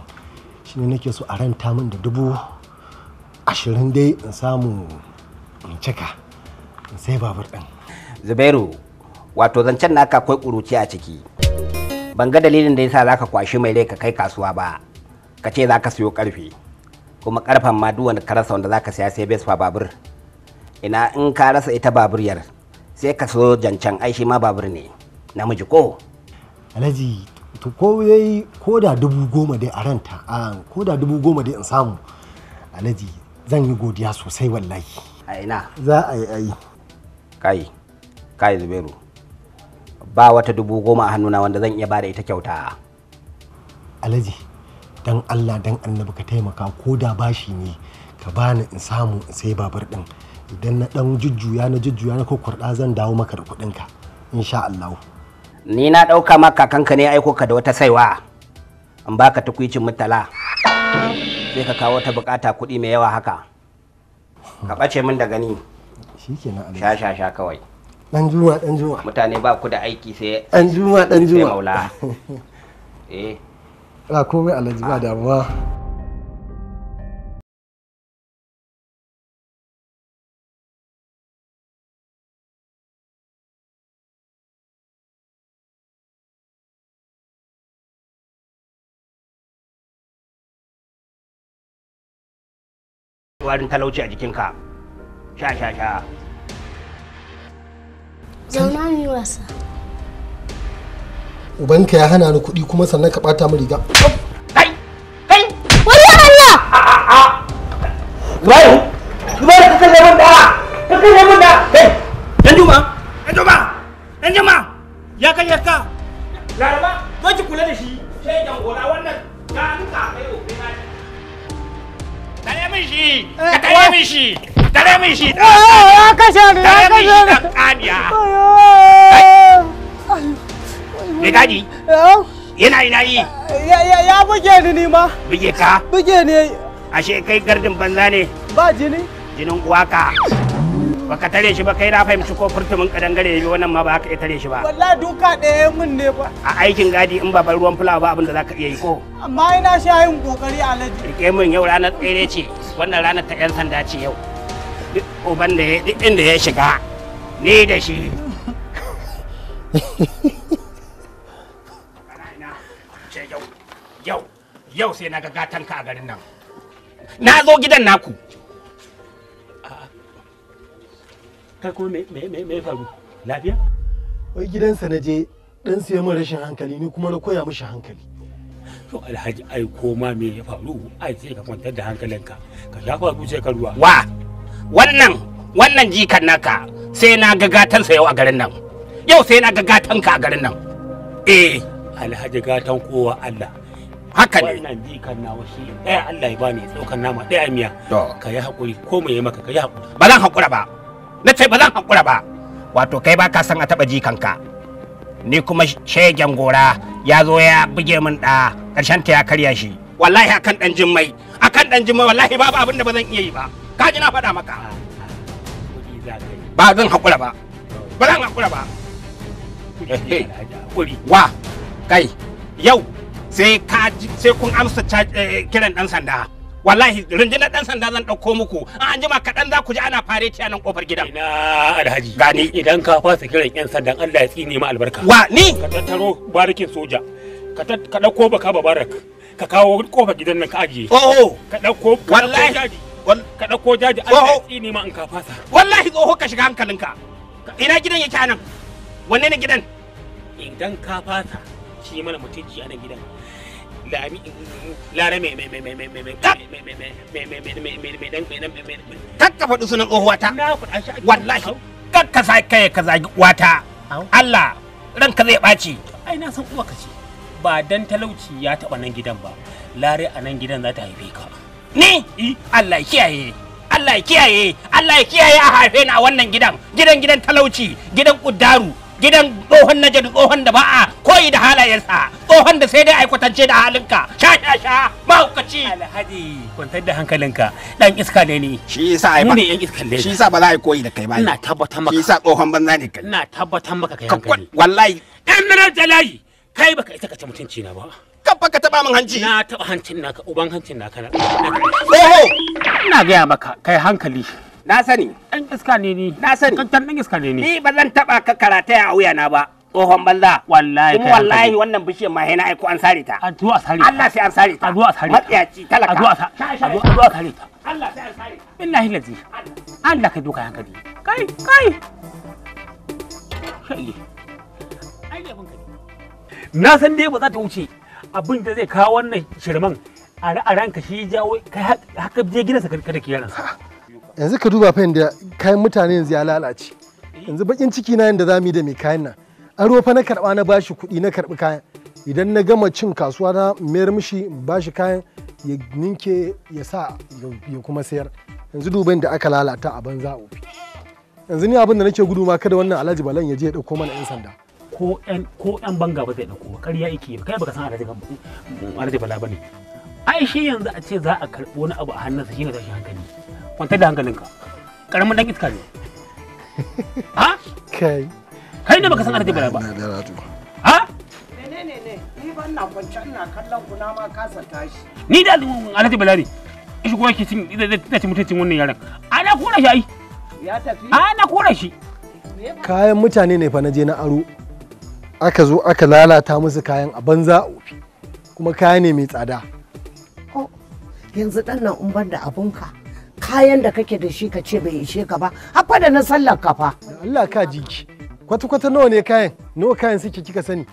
shi ne nake so a ranta min da dubu ashirin dai in samu in cika sai babur ɗin zubairu wato zancen ka kai ƙuruci a ciki ban ga dalilin da yasa zaka kwashi mai rai ka kai kasuwa ba ka ce zaka siyo karfe kuma karfan ma duk wani karasa wanda zaka siya sai bespa babur ina in ka rasa ita baburyar sai ka so jancan ai shi ma babur ne namiji ko alhaji to ko dai ko da dubu goma dai a ranta a ko da dubu goma dai in samu alhaji zan yi godiya sosai wallahi a ina za a yi ai kai kai zubairu ba wata dubu goma a hannuna wanda zan iya bada ita kyauta alhaji dan allah dan annabi ka taimaka ko da bashi ne ka bani in samu in sai babur din idan na dan jujjuya na jujjuya na kokkurda zan dawo maka da kuɗin ka insha allah ni na ɗauka maka kanka ne aiko ka da wata saiwa in baka tukwicin mutala sai ka kawo ta bukata kuɗi mai yawa haka ka ɓace min da gani shi kenan sha sha sha kawai dan juma dan juma mutane ba ku da aiki sai dan juma dan juma sai maula eh ra komai alhaji ba damuwa warin talauci a jikinka sha sha sha Zauna mu yi wasa. Ubanka ya hana ni kuɗi kuma sannan ka ɓata mu riga. Kai! Kai! Wani Allah! ibrahim ibrahim ka kalle mun da! Ka kalle mun da! Kai! Ɗan Juma! Ɗan Juma! Ɗan Juma! Ya kai yarka! Laraba! ko ki kula da shi! sai jan gora wannan ga ka kai yau. Ka tare min shi! Ka tare min shi! tare min shi da ya kashe ni ya kashe ni kaniya me gadi yana ina yi ya buge ni ni ma buge ka buge ne ashe kai gardin banza ne ba jini jinin uwa ka baka tare shi ba kai na fahimci ko furtumin kadan gare ne wannan ma ba ka iya tare shi ba wallahi duka ɗaya mun ne ba a aikin gadi in ba ban ruwan fulawa ba abin da zaka iya yi ko amma ina sha yin kokari alhaji rike mun yau ranar tsere ce wannan ranar ta yan sanda ce yau uban da ya inda ya shiga ni da shi yau yau sai na ga gatan ka a garin nan na zo gidan naku kai kuma me me faru lafiya wai gidansa na je dan siya min rashin hankali ni kuma na koya mishi hankali to alhaji ai koma me ya faru ai sai ka kwantar da hankalinka ka shafa zuciyar ka ruwa wa wannan wannan jikan naka sai na ga sa yau a garin nan yau sai na ga gatanka a garin nan eh alhaji gatan kowa Allah haka ne wannan jikan nawa shi ɗaya Allah ya bani tsokan nama ɗaya miya ka yi hakuri ko mu yi maka ka yi hakuri ba zan hakura ba na ce ba zan hakura ba wato kai ba ka san a taɓa ka. ni kuma shegen gora ya zo ya buge min ɗa ƙarshen ta ya karya shi wallahi akan ɗan jin mai akan ɗan jin mai wallahi babu abin da ba zan iya yi ba ka na faɗa maka ba zan haƙura ba ba zan haƙura ba eh, wa kai yau sai ka sai kun amsa eh, eh, kiran dan sanda wallahi rundunar dan sanda zan dauko muku an jima kaɗan za ku ji ana fareti a nan kofar gidan ina alhaji gani idan ka fasa kiran yan sandan Allah ya tsine ma albarka wa ni ka tattaro barikin soja ka dauko baka babarak ka kawo kofar gidan nan ka ajiye oh, oh. ka dauko wallahi ka ɗauko jaji Allah ya tsini ma in ka fasa wallahi tsoho ka shiga hankalinka ina gidan yake anan wanne ne gidan idan ka fasa shi mana mutunci a nan gidan lare mai mai mai mai zai ɓaci. mai mai mai mai ka mai ba dan talauci ya taɓa nan gidan ba lare a nan gidan za ta haife ka ni Allah kiyaye Allah kiyaye Allah kiyaye a haife ni a wannan gidan gidan gidan talauci gidan kudaru gidan tsohon na jadu tsohon da ba'a koyi da halayensa tsohon da sai dai aikwatance da halinka sha sha sha mahaukaci alhaji kwantar da hankalinka dan iska ne ni shi yasa ai ba yan iska ne shi yasa ba za a koyi da kai ba ina tabbatar maka shi yasa tsohon banza ne kai ina tabbatar maka kai hankali wallahi dan nan jalayi kai baka isa ka ci mutunci na ba fa ka taba min hanci na taba hancin naka uban hancin naka na oho ina gaya maka kai hankali na sani dan iska ne ni na sani kankan dan iska ne ni ni ba zan taba ka karataya a wuya na ba tsohon banza wallahi kuma wallahi wannan bishiyar ma na aiko an sare ta a zo a sare ta Allah sai an sare ta a zo a sare ta matsiyaci talaka a zo a sare ta Allah sai an sare ta billahi lazi Allah ka duka hankali kai kai ai ne na san dai ba za ta wuce abin da zai kawo wannan shirman a ranka shi jawo kai haka je sa kada ki yanzu ka duba fayin da kayan mutane yanzu ya lalace eh. yanzu bakin ciki na yanda zamu yi da mai kayan nan ruwa fa na karba na bashi kuɗi na karbi kayan idan na gama cin kasuwa na mayar mishi bashi kayan ya ninke ya sa ya kuma sayar yanzu duba da aka lalata a banza ofi yanzu ni abin da nake gudu ma kada wannan alhaji balan ya je ya dauko mana yan sanda ko yan ko yan banga ba zai dauko ƙarya yake kai baka san alade bala bane ai shi yanzu a ce za a karɓi wani abu a hannunsa shine tashin hankali kwantar da hankalinka karamin dan iska ne ha kai kai ne baka san alade bala ba ha menene ne ni ban na kwance ina kallon kuna ma kasa tashi ni da alade bala ne shi kuma yake cin zai ci mutuncin wannan yaran ana kora shi ai ya tafi ana kora shi kayan mutane ne fa na je na aro aka zo aka lalata musu kayan a banza ofi kuma kaya ne mai tsada oh yanzu dan nan in bar da abunka kayan da kake da shi ka ce bai ishe ka ba haffa da na sallar ka fa Allah ka jiki kwata kwata nawa ne kayan nawa kayan suke kika sani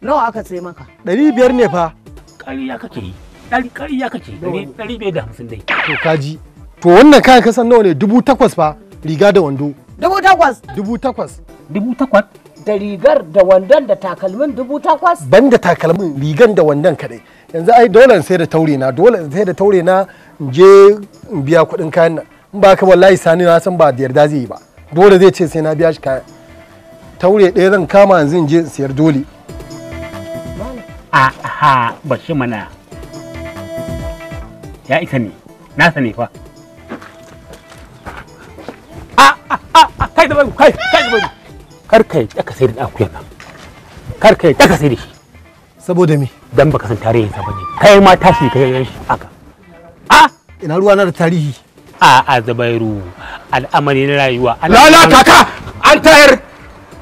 nawa aka sai maka ɗari biyar ne fa ƙarya kake yi ɗari ƙarya kake ɗari biyar da hamsin dai to kaji to wannan kayan kasan nawa ne dubu takwas fa riga da wando dubu takwas dubu takwas dubu takwas da rigar da wandon da takalmin dubu takwas ban da takalmin rigan da wandon kadai yanzu ai dole sai da taure na dole sai da taure na in je in biya kuɗin kayan nan in ba ka wallahi sani na san ba da yarda zai yi ba dole zai ce sai na biya shi kayan taure ɗaya zan kama yanzu in je in sayar dole Aha, ba shi mana ya isa ne na sani fa ah, ah, ah, ah, kai da bai kai kai da bai kar ka yi ka sai da akuyan nan kar ka yi ka sai da shi saboda me dan baka san tarihin sa bane kai ma tashi ka yi shi haka a ina ruwa na da tarihi a a zabairu al'amari na rayuwa lala kaka an tayar eh?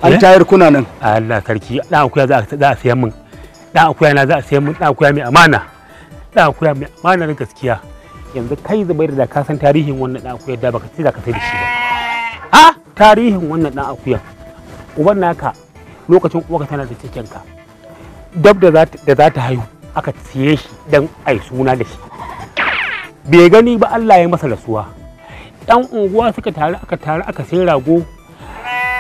an tayar kuna nan Allah sarki dan akuya za a sayan min dan akuya na za a sayan min dan akuya mai amana dan akuya mai amana na gaskiya yanzu kai zubairu da ka san tarihin wannan dan akuya da baka sai da ka sai da shi ba a tarihin wannan dan akuya uban naka lokacin uwarka tana da cikinka dab da za ta haihu aka siye shi dan ai suna da shi bai gani ba Allah ya masa rasuwa ɗan unguwa suka tare aka tare aka sai rago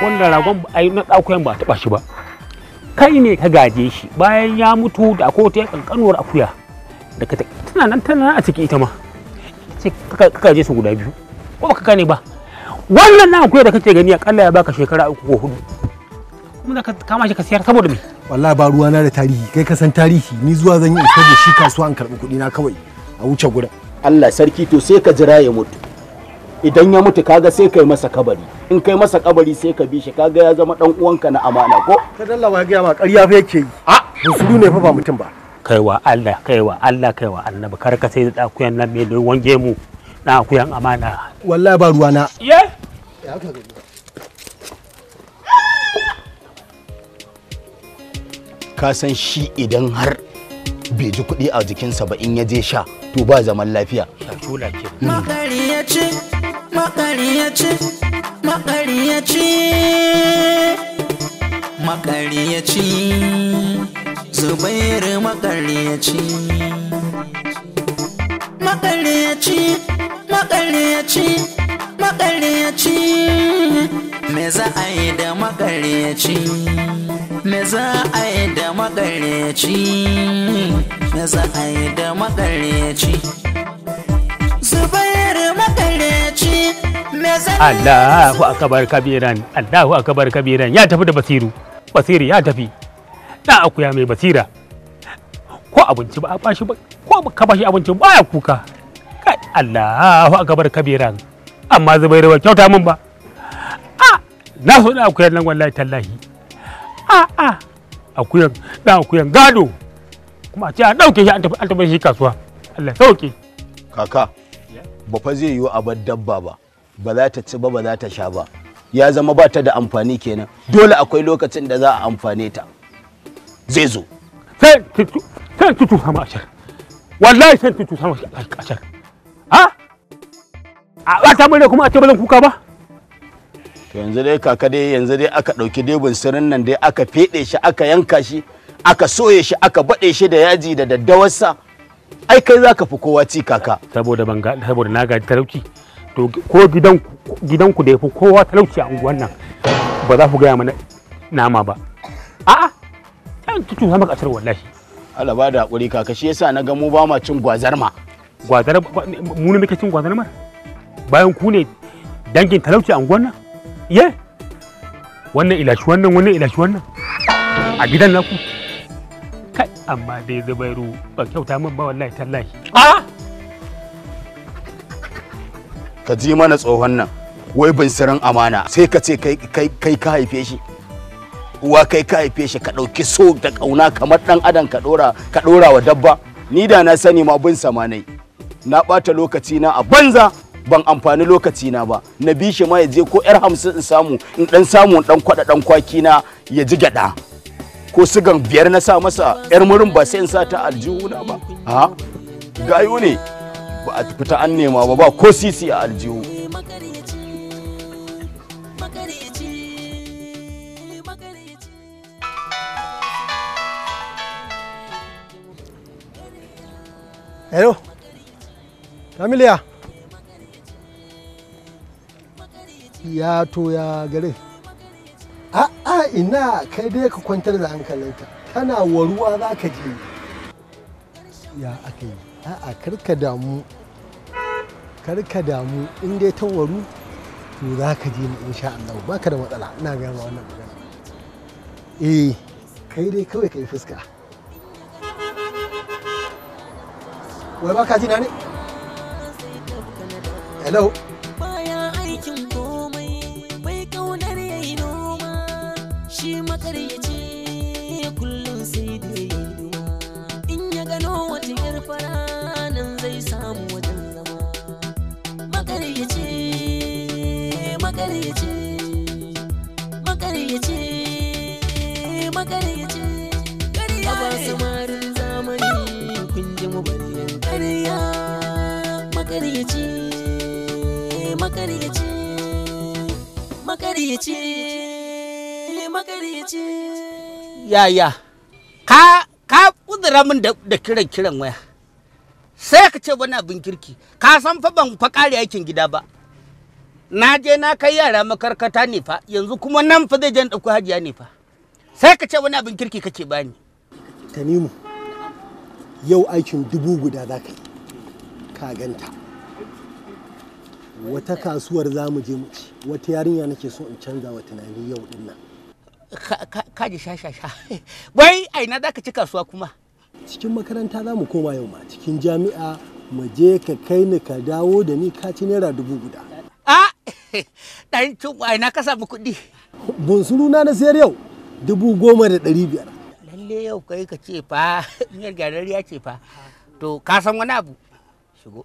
wanda ragon ai na tsakuyan ba ta shi ba kai ne ka gaje shi bayan ya mutu da akwai ya kankanuwar akuya daga ta tana nan tana a ciki ita ma ce ka gaje su guda biyu ko ba ka gane ba wannan na akuya da kake gani akalla ya baka shekara uku ko hudu kuma ka kama shi ka siyar saboda me wallahi ba ruwa na da tarihi kai ka san tarihi ni zuwa zan yi in da shi kasuwa an karbi kuɗi na kawai a wuce guda. Allah sarki to sai ka jira ya mutu idan ya mutu kaga sai kai masa kabari in kai masa kabari sai ka bi shi kaga ya zama dan uwanka na amana ko ka dalla wa ga ma ƙarya fa yake yi a ah! musulmi ne fa ba mutum ba kaiwa Allah kaiwa Allah kaiwa annabi kar ka sai da akuyan nan me wange mu na akuyan amana wallahi ba ruwa na ye ya ka ka san shi idan har bai ji kuɗi a jikinsa ba in ya je sha to ba zaman lafiya. Makariyaci, makariyaci, makariyaci, makariyaci, zubairu makariyaci. makaryaci makaryaci makaryaci me za a yi da makaryaci me za a yi da makaryaci me za a yi da makaryaci zubair makaryaci me za Allahu akabar kabiran Allahu akabar kabiran ya tafi da basiru Basiru ya tafi da akuya mai basira ko abinci ba a bashi ba ko ka bashi abinci baya kuka kai Allahu akbar kabiran amma zubairu ba kyauta min ba a na so da akuyan nan wallahi tallahi a a akuyan da akuyan gado kuma a ce a dauke shi an tafi shi kasuwa Allah sauke kaka ba fa zai yiwu a bar dabba ba ba za ta ci ba ba za ta sha ba ya zama ba ta da amfani kenan dole akwai lokacin da za a amfane ta zai zo sai tutu sai tutu hama ashar wallahi sai tutu sama a kasar ha a bata mure kuma a tabalin kuka ba to yanzu dai kaka dai yanzu dai aka dauki debin sirrin nan dai aka fede shi aka yanka shi aka soye shi aka bade shi da yaji da daddawarsa ai kai zaka fi kowa ci kaka saboda ban saboda na ga talauci to ko gidan gidanku da yafi kowa talauci a unguwan nan ba za ku gaya mana nama ba a'a an tutu sama kasar wallahi Allah da haƙuri kaka shi yasa na ga mu ba ma cin gwazar ma gwazar mu ne muke cin gwazar ma bayan ku ne dangin talauci a unguwar nan ye wannan ilashi wannan wannan ilashi wannan a gidan naku kai amma dai zubairu ba kyauta min ba wallahi tallahi a ka ji mana tsohon nan wai bin sirrin amana sai ka ce kai kai ka haife shi uwa kai ka haife shi ka ɗauki so da kauna kamar ɗan adam ka ɗora ka dora wa dabba ni da na sani ma bin samanai na bata lokaci na a banza ban amfani lokaci na ba na bi shi ma ya je ko yar hamsin in samu in ɗan samu ɗan kwaɗa ɗan kwaki na ya ji gada ko sugan biyar na sa masa yar murin ba sai in sa ta aljihuna ba a gayu ne ba a fita an nema ba ba ko sisi a aljihu hello familiya ya to ya gare a'a ina kai dai ka kwantar da hankalinka kana waruwa za ka je ya aka yi a'a karka damu karka damu in dai ta waru to za ka je ni insha Allah baka da matsala ina ga wannan eh kai dai kawai kai fuska wai ba ka ji na ne hello aikin komai bai kaunar yayi noma shi makaryaci kullum sai da yi noma in ya gano wata yar fara zai samu wajen zama makaryaci makaryaci makaryaci makaryaci yaya ka ka kudura min da kiran kiran waya sai ka ce wani abin kirki ka san fa ban fa kare aikin gida ba na je na kai yara makarkata ne fa yanzu kuma nan fa zai je dauko hajiya ne fa sai ka ce wani abin kirki kake bani tanimu yau aikin dubu guda za ka yi ka ganta wata kasuwar za mu je mu ci wata yarinya nake so in canza wa tunani yau din nan ka ji shashasha wai a ina za ka ci kasuwa kuma cikin makaranta za mu koma yau ma cikin jami'a mu je ka kai ni ka dawo da ni ka ci naira dubu guda a dan a ina ka samu kuɗi bunsuru na na sayar yau dubu goma da ɗari biyar lalle yau kai ka ce fa miyar gyararriya ce fa to ka san wani abu shigo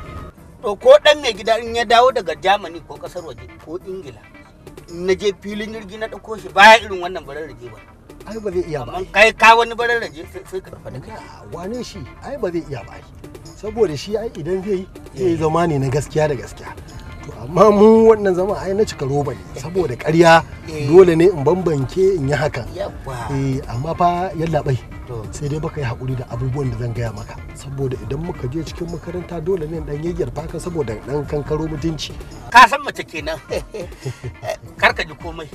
ko dan mai gida in ya dawo daga Germany ko kasar waje ko Ingila na je filin jirgi na dauko shi baya irin wannan barar rage ba ai ba zai iya ba kai ka wani barar rage sai ka fada kai wane shi ai ba zai iya ba saboda shi ai idan zai yi zai eh. zama ne na gaskiya da gaskiya to amma mu wannan zama ai na cika roba ne saboda ƙarya eh. dole ne in bambance in yi haka eh amma fa yallaɓai sai dai baka yi haƙuri da abubuwan da zan gaya maka saboda idan muka je cikin makaranta dole ne dan yayyar faka saboda dan kankaro mutunci ka san mace kenan kar ka ji komai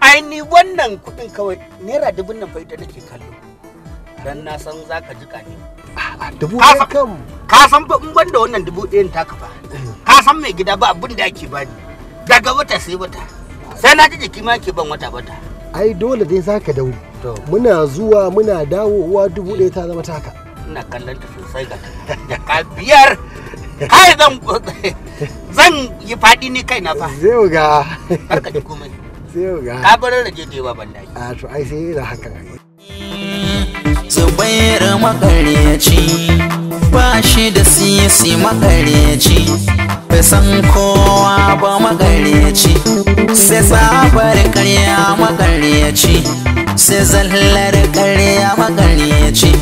ai ni wannan kuɗin kawai naira dubun nan fa'ida da nake kallo dan na san zaka jika ne ne dubu ɗaya kam ka san ba in banda wannan dubu ɗayan taka fa eh. san mai gida ba abin da ake bani daga wata sai wata sai na ji jiki ma ke ban wata wata ai dole dai zaka dauri muna zuwa muna dawowa dubu ɗaya ta zama taka ina kallon ta sosai ga ka biyar kai zan zan yi fadi ne kai na fa zai ga barka ji komai zai ga ka bar rage da yawa ban dai a to ai sai da haka ai zubair makareci ba shi da sisi makareci bai san kowa ba makareci sai sabar karya makareci sai zallar karya makareci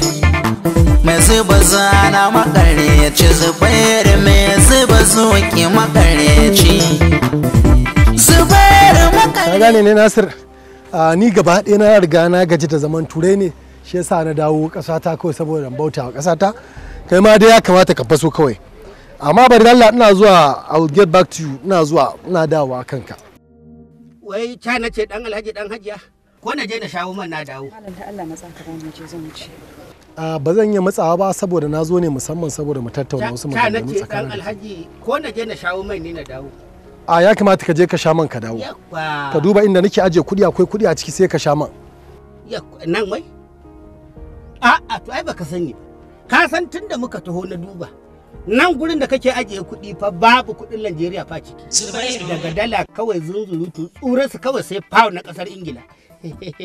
mai zuba zana makareci zubair mai zuba zoki makareci. zubair makareci ka gane ne nasir ah, ni gaba ɗaya na riga na gaji da zaman turai ne shi yasa na dawo kasata kawai saboda in bauta wa kasata kai ma dai ya kamata ka faso kawai amma bari Allah ina zuwa I will get back to you ina zuwa ina dawowa kanka wai ta na ce dan alhaji dan hajiya ko na je na shawo man na dawo Allah da Allah matsa ka bani je zan wuce ba zan yi matsawa ba saboda na zo ne musamman saboda mu tattauna wasu mutane tsakanin ta na ce dan alhaji ko na je na shawo man ne na dawo a ya kamata ka je ka sha man ka dawo ka duba inda nake aje kudi akwai kudi a ciki sai ka sha man nan mai A'a to ai baka sani ba. Ka san tunda muka taho na duba. Nan gurin da kake ajiye kuɗi fa babu kuɗin Najeriya fa ciki. Daga dala kawai zunzurutu su kawai sai pound na ƙasar Ingila.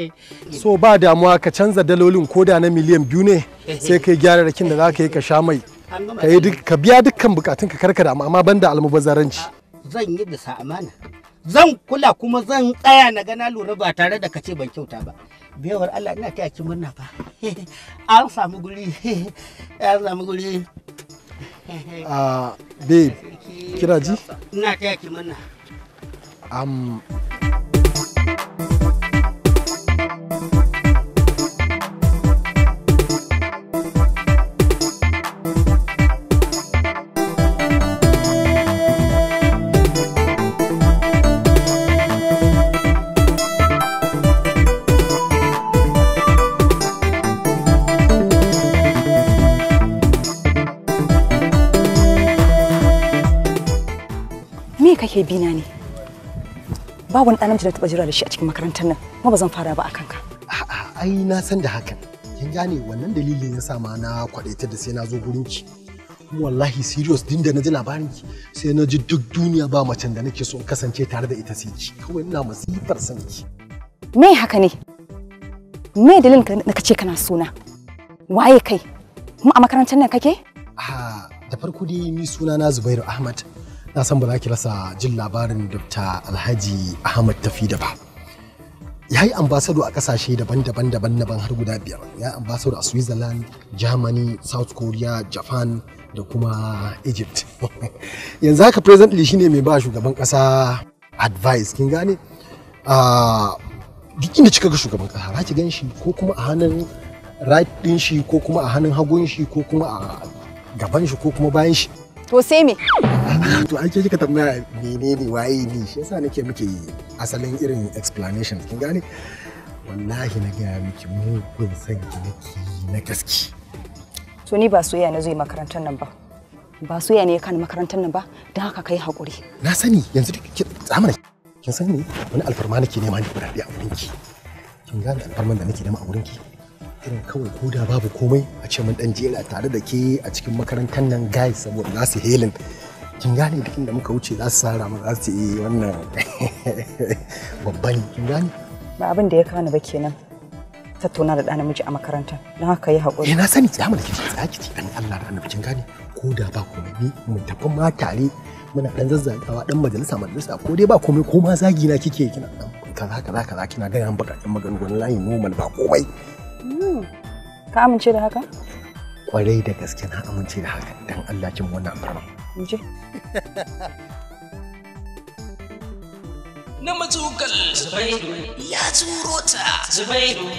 so ba damuwa ka canza dalolin koda na miliyan biyu ne sai kai gyara rakin da za ka yi ka sha mai ka biya dukkan bukatun ka karkada amma banda almubazzaranci zan yi da sa amana zan kula kuma zan tsaya na gana lura ba tare da kace ban kyauta ba bewar Allah ina ta ki murna fa an samu guri an samu guri a ah, babe kira ji ina ta ki murna am me kake bina ne ba wani ɗan da taɓa jira da shi a cikin makarantar nan kuma ba zan fara ba a kanka a'a ai na san da hakan kin gane wannan dalilin ya sa ma na kwadaita da sai na zo gurin ki wallahi serious din da na ji labarin ki sai na ji duk duniya ba macen da nake so in kasance tare da ita sai ki kawai ina masifar san ki me haka ne me dalilin ka da kace kana suna waye kai mu a makarantar nan kake a da farko dai ni suna na Zubairu Ahmad na san ba za ki rasa jin labarin Dr. Alhaji Ahmad da ba. Ya yi ambasado a kasashe daban-daban daban daban har guda biyar. Ya yi ambasado a Switzerland, Germany, South Korea, Japan da kuma Egypt. Yanzu haka presently shine mai ba shugaban kasa advice kin gane? Ah, duk inda kika ga shugaban kasa za ki gan shi ko kuma a hannun right din shi ko kuma a hannun hagun shi ko kuma a gaban shi ko kuma bayan shi. To sai me? To ai ke kika tambaya ne waye ni shi yasa nake miki asalin irin explanation kin gane? Wallahi na gaya miki kun san ki nake na gaske. To ni ba soyayya na zo makarantar nan ba. Ba soyayya ne kana makarantar nan ba, dan haka kai hakuri. Na sani yanzu duk zamana kin sani wani alfarma nake nema ni gudanar a ki Kin gane alfarman da nake nema a wurinki? irin kawai ko da babu komai a ce mun dan jera tare da ke a cikin makarantar nan guys saboda za su helin kin gane dukin da muka wuce za su sara mu za su yi wannan babban kin gane ba abin da ya kawo ba kenan tattauna da ɗan namiji a makaranta don haka yi haƙuri. Eh, na sani za mu da kici za ki ci ɗan Allah da kin gane ko da ba komai mun tafi ma tare muna ɗan zazzagawa ɗan majalisa majalisa ko dai ba komai ko ma zagi na kike kina ɗan kaza kaza kaza kina ga yan baƙaƙen maganganun layi normal ba komai. Hmm. Ka amince da haka? Kwarai da gaske na amince da haka don Allah kin wannan alfarma. Je. Na matukal Zubairu ya turo ta Zubairu.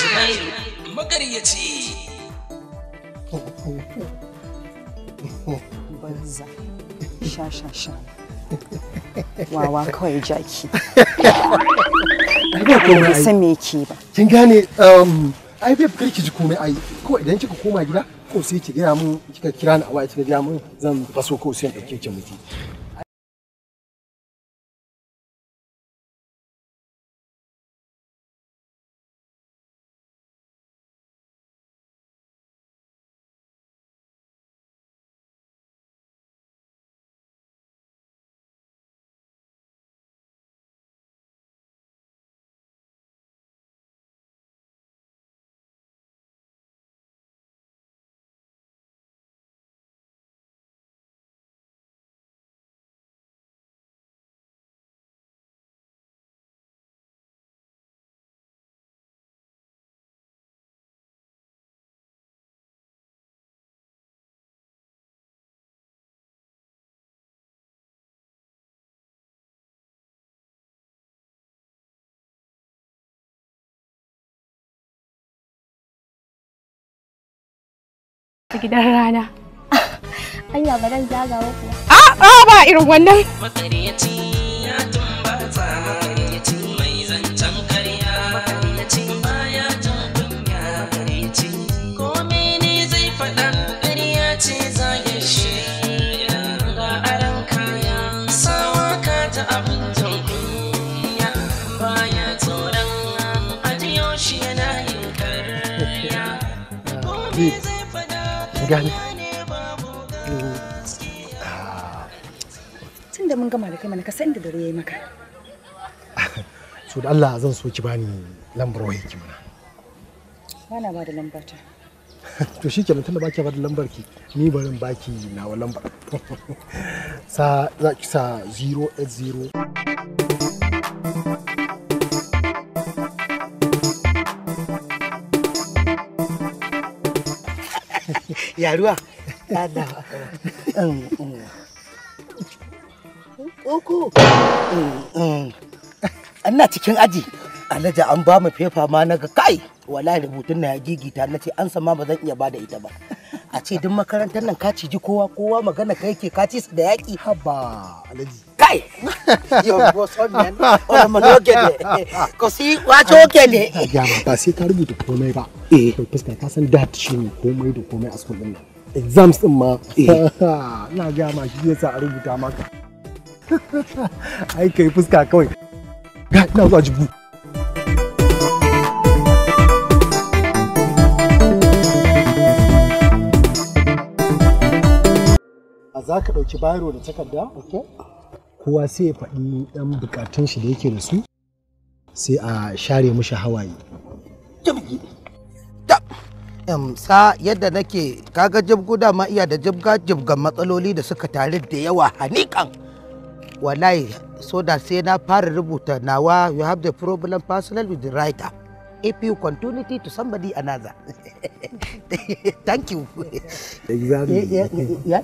Zubairu magaryaci. Banza. Sha sha sha. wawa kawai jaki ba san me yake ba kin gane um, ai bai kar ki ji komai ai ko idan kika koma gida ko sai ki gaya mun kika kira ni a waya kika gaya mun zan faso ko sai in dauke ki miki gidan rana. Anya ba dan zaga ba kuwa. Ah, ah, ba irin wannan. Matsariyaci gane tun da mun gama da kai mana ka san da dare yayi maka so da Allah zan so ki bani lambar wayar ki mana bana ba da lambar ta to shikenan tunda baki ba da lambar ki ni barin baki nawa lambar sa za ki sa 080 yaruwa Ana cikin aji. Alhaji an ba mu fefa ma na ga kai. Wallahi rubutun na gigita na ce an sama ba zan iya bada ita ba. A ce duk makarantar nan ka ciji kowa kowa magana kai ke ka ci su da yaƙi. Haba Alhaji. kai yo boss wannan wannan manoke ne ko si wato ke ne ya ba sai ka rubuta komai ba eh to fuska ka san dat shi ne komai da komai a school din nan exams din ma ina ga ma shi yasa a rubuta maka ai kai fuska kawai ga ina zuwa jibu za ka ɗauki bayro da takarda kowa sai ya faɗi ɗan bukatun shi da yake da su sai a share mushi hawaye sa yadda nake kaga jibgu dama iya da jibga ga matsaloli da suka tare da yawa hanikan wallahi so da sai na fara rubuta nawa you have the problem personal with the writer if you continue to somebody another thank you exactly yeah.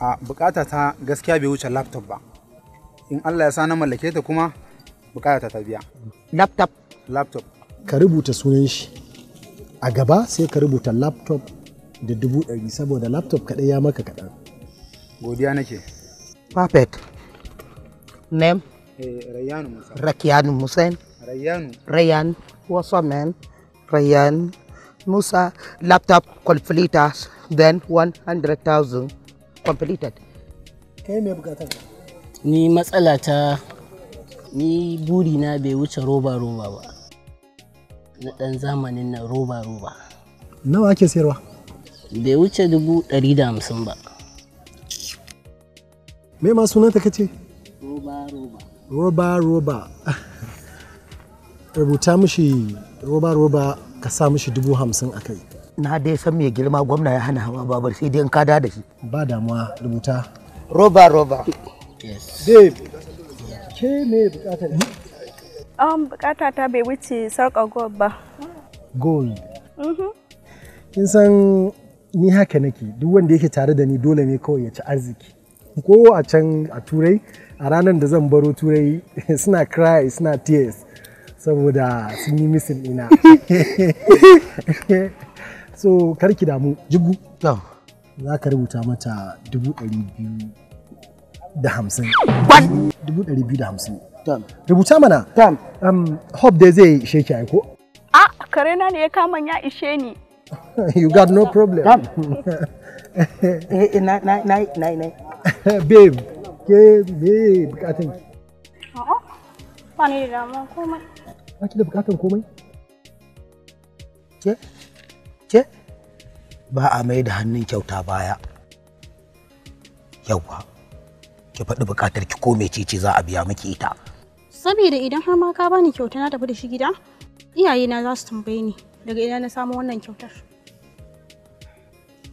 Ah, bukata ta gaskiya bai wuce laptop ba in Allah ya sa na mallake ta kuma bukata ta biya laptop laptop ka rubuta sunan shi a gaba sai ka rubuta laptop da dubu ɗari saboda laptop kaɗai ya maka kaɗan godiya nake perfect name eh, rayyanu musa rakiyanu musa rayyanu rayyan what's up man rayyan musa laptop completed then 100000 completed kai me bukatar? ni matsala ta ni buri na bai wuce roba roba ba na ɗan zamanin na roba roba nawa ake sayarwa bai wuce dubu ɗari da hamsin ba me ma sunanta ka ce roba roba roba roba rubuta mishi roba roba ka sa mishi dubu hamsin a kai na dai san mai girma gwamna ya hana hawa babar sai dai in ka da shi ba damuwa rubuta roba roba Babe, ke me bukatar an um, bukata ta bai wuce sauka gold ba. Gold? Mm-hmm. Kin san ni haka nake duk wanda yake tare da ni dole ne kawai ya ci arziki. Ko a can a turai a ranar da zan baro turai suna cry suna tears saboda sun yi misin ina. so karki damu jigu. Za ka rubuta mata dubu ɗari biyu da hamsin. Kwan! Dubu ɗari biyu da hamsin. Rubuta mana. Tam. Um, Hope dai zai ishe ki aiko. A kare na ne ya kama ya ishe ni. you got no problem. Tam. na, na, na, na, na. babe, ke me bukatan A'a, ba ni da damuwa komai. Ba ki da bukatan komai? Ke? Ke? Ba a mai da hannun kyauta baya. Yawwa. ki faɗi buƙatar ki ko mecece za a biya miki ita saboda idan har ma ka bani kyauta na tafi da shi gida iyayena za su tambaye ni daga ina na samu wannan kyautar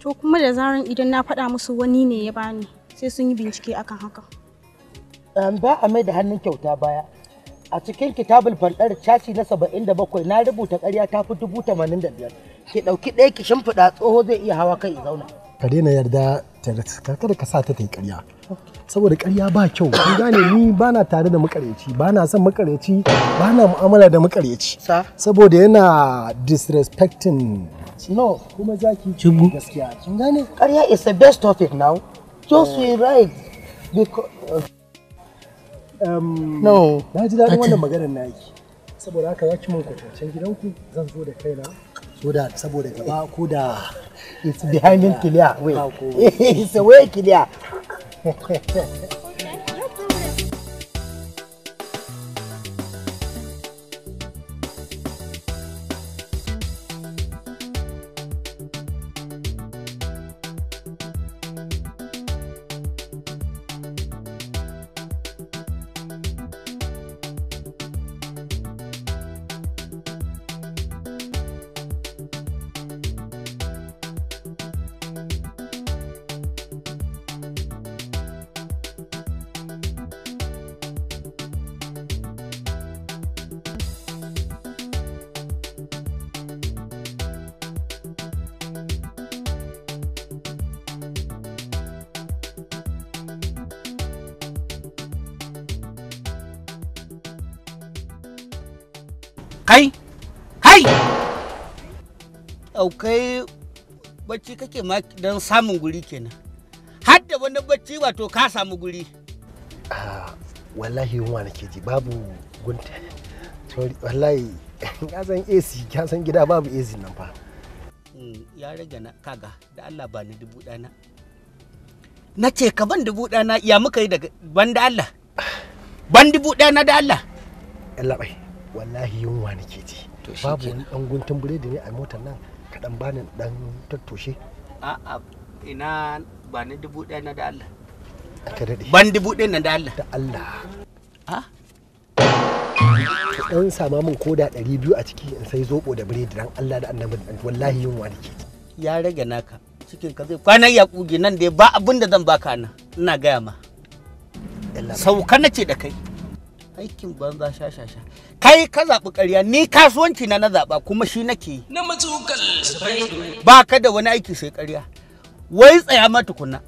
to kuma da zarar idan na faɗa musu wani ne ya bani sai sun yi bincike akan haka ba a mai da hannun kyauta baya a cikin kitabul fandar caci na 77 na rubuta ƙarya ta fi dubu 85 ki ɗauki ɗaya ki shimfiɗa tsoho zai iya hawa kai zauna ka daina yarda kada ka sa ta ta yi ƙarya saboda ƙarya ba kyau kun gane ni ba na tare da makareci ba na son makareci ba na mu'amala da makareci saboda yana disrespecting no kuma zaki cibu gaskiya kun gane ƙarya is the best topic now just we right because uh, um, no na ji daɗin wannan maganar naki saboda haka ya ci min kwatancen gidanku zan zo da kaina saboda gaba ko da It's behind me clear. Wait. It's away clear. bacci kake ma don samun guri kenan har da wani bacci wato ka samu guri ah, wallahi yunwa nake ji babu gunta wallahi ya san ac ya san gida babu ac nan fa mm, ya rage na kaga da Allah ba ni dubu dana na ce ka ban dubu dana ya muka yi da ban da Allah ban dubu dana da Allah Allah bai wallahi yunwa nake ji babu wani dan guntun biredi ne a motar nan kaɗan bani ɗan tattoshe a'a ina ba ni dubu ɗaya na da Allah ka dade ban dubu ɗaya na da Allah da Allah a ka ɗan sama min koda ɗari biyu a ciki in sai zoɓo da biredi dan Allah da annabi wallahi yunwa da ke ya rage naka cikin ka zai kwanan ya kuge nan dai ba abin da zan baka nan ina gaya ma sauka na ce da kai aikin banza sha sha sha kai ka zaɓi ƙarya ni kasuwanci na na zaɓa kuma shi nake yi ba ka da wani aiki sai ƙarya wai tsaya ma tukunna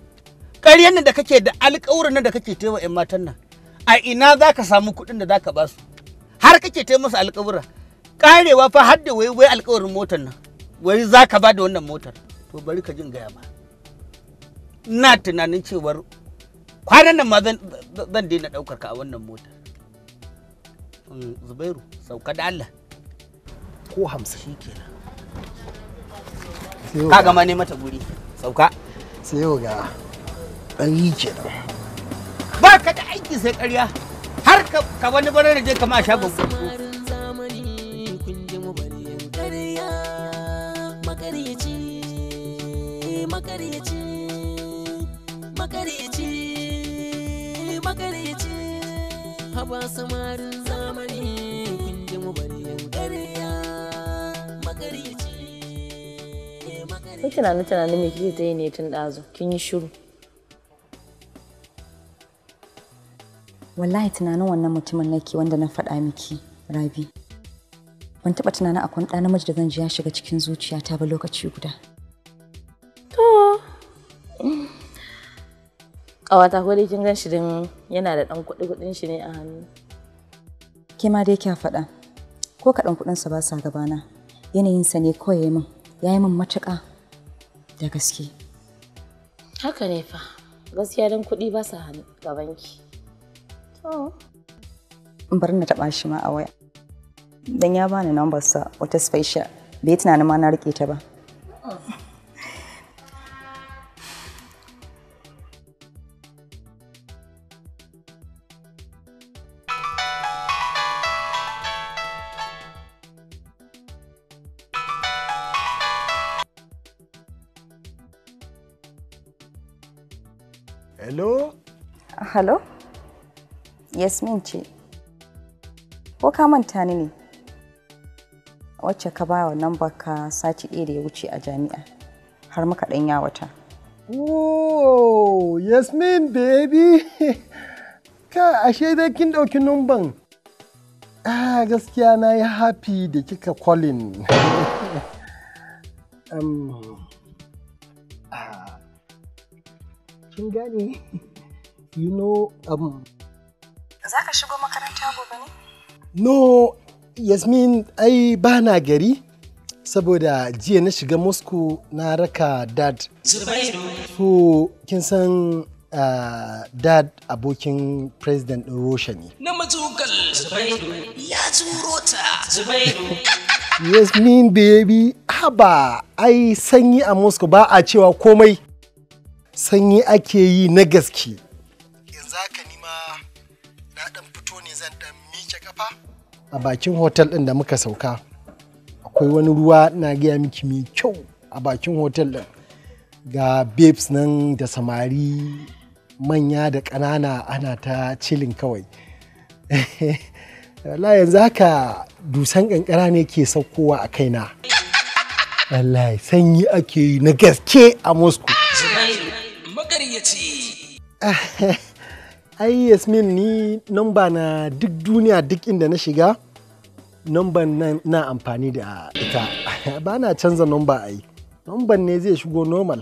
nan da kake da alƙawarin da kake taiwa 'yan matan nan a ina za ka samu kuɗin da za ka ba su har kake tai musu alƙawura Karewa fa har da wai wai alƙawarin motar nan wai za ka ba da wannan motar to bari ka jin gaya ba na tunanin cewar kwanan nan ma zan daina ɗaukar ka a wannan motar zubairu sauka da Allah ko hamsin shi kenan ka gama ne mata guri sauka sai yau ga ɗari kenan ba ka da aiki sai ƙarya har ka wani barar da je kama a shagon makaryaci makaryaci makaryaci haba samarin mani kun ji mu bari yin ƙarya tunanin tunanin me kike ta yi ne tun ɗazu kin yi shiru wallahi tunanin wannan mutumin nake wanda na faɗa miki rabi ban taɓa tunanin akwai ɗa namiji da zan ji ya shiga cikin zuciyata ba lokaci guda to ƙawata ko dai kin gan shi din yana da ɗan kuɗi kuɗin shi ne a hannu ke ma dai kya faɗa ko kaɗan sa ba sa gabana sa ne kawai min ya yi min matuƙa da gaske haka ne fa gaskiya don kuɗi ba sa gabanki to bar na taɓa shi ma a waya dan ya bani nambarsa wata special bai tunanin ma na riƙe ta ba mm. hello Yasmin ce. Ko ka manta ni ne? Wacce ka ba wa nan baka sati ɗaya da ya wuce a jami'a har muka ɗan yawata. Oh, Yasmin baby! ka ashe dai kin ɗauki numban. Ah, gaskiya na yi happy da kika calling. um, ah, kin you know um za ka shigo makaranta gobe ne no yasmin ai ba na gari saboda jiya na shiga moscow na raka dad so kin san Uh, dad abokin president ɗin Russia ne. Na mazugal ya zuro ta. yes, mean baby. Haba, ai sanyi a Moscow ba a cewa komai. Sanyi ake yi na gaske. za ka nima na dan fito ne zan dan miƙe kafa a bakin hotel din da muka sauka akwai wani ruwa na gaya miki mai kyau a bakin hotel din ga babes nan da samari manya da ƙanana ana ta cilin kawai wallahi yanzu haka dusan ƙanƙara ne ke saukowa a kaina wallahi sanyi ake yi na gaske a moscow magaryaci ai yasmin ni namba na duk duniya duk inda na shiga namban na amfani da ita ba na canza namba ai namban ne zai shigo normal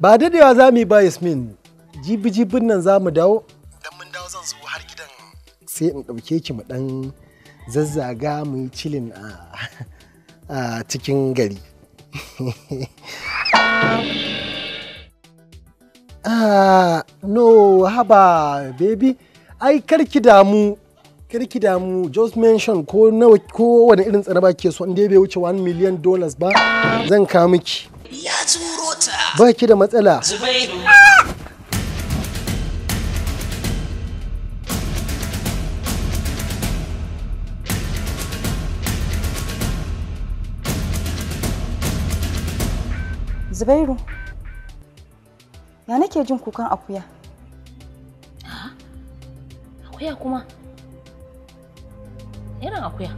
ba dadewa za mu yi ba yasmin jibi-jibin nan za mu dawo dan mun dawo zan zo har gidan sai in ɗauke ki mu dan zazzaga mu yi cilin a cikin gari Ah, no, haba, baby. Ai, karki damu, karki damu, just mention ko nawa ko wani irin ba ke so inda bai wuce 1 million dollars ba, zan kawo miki. Ya turo ta. Ba ki da matsala. Zubairu. Zubairu. Ya nake jin kukan akuya? Akuya kuma? Irin akuya.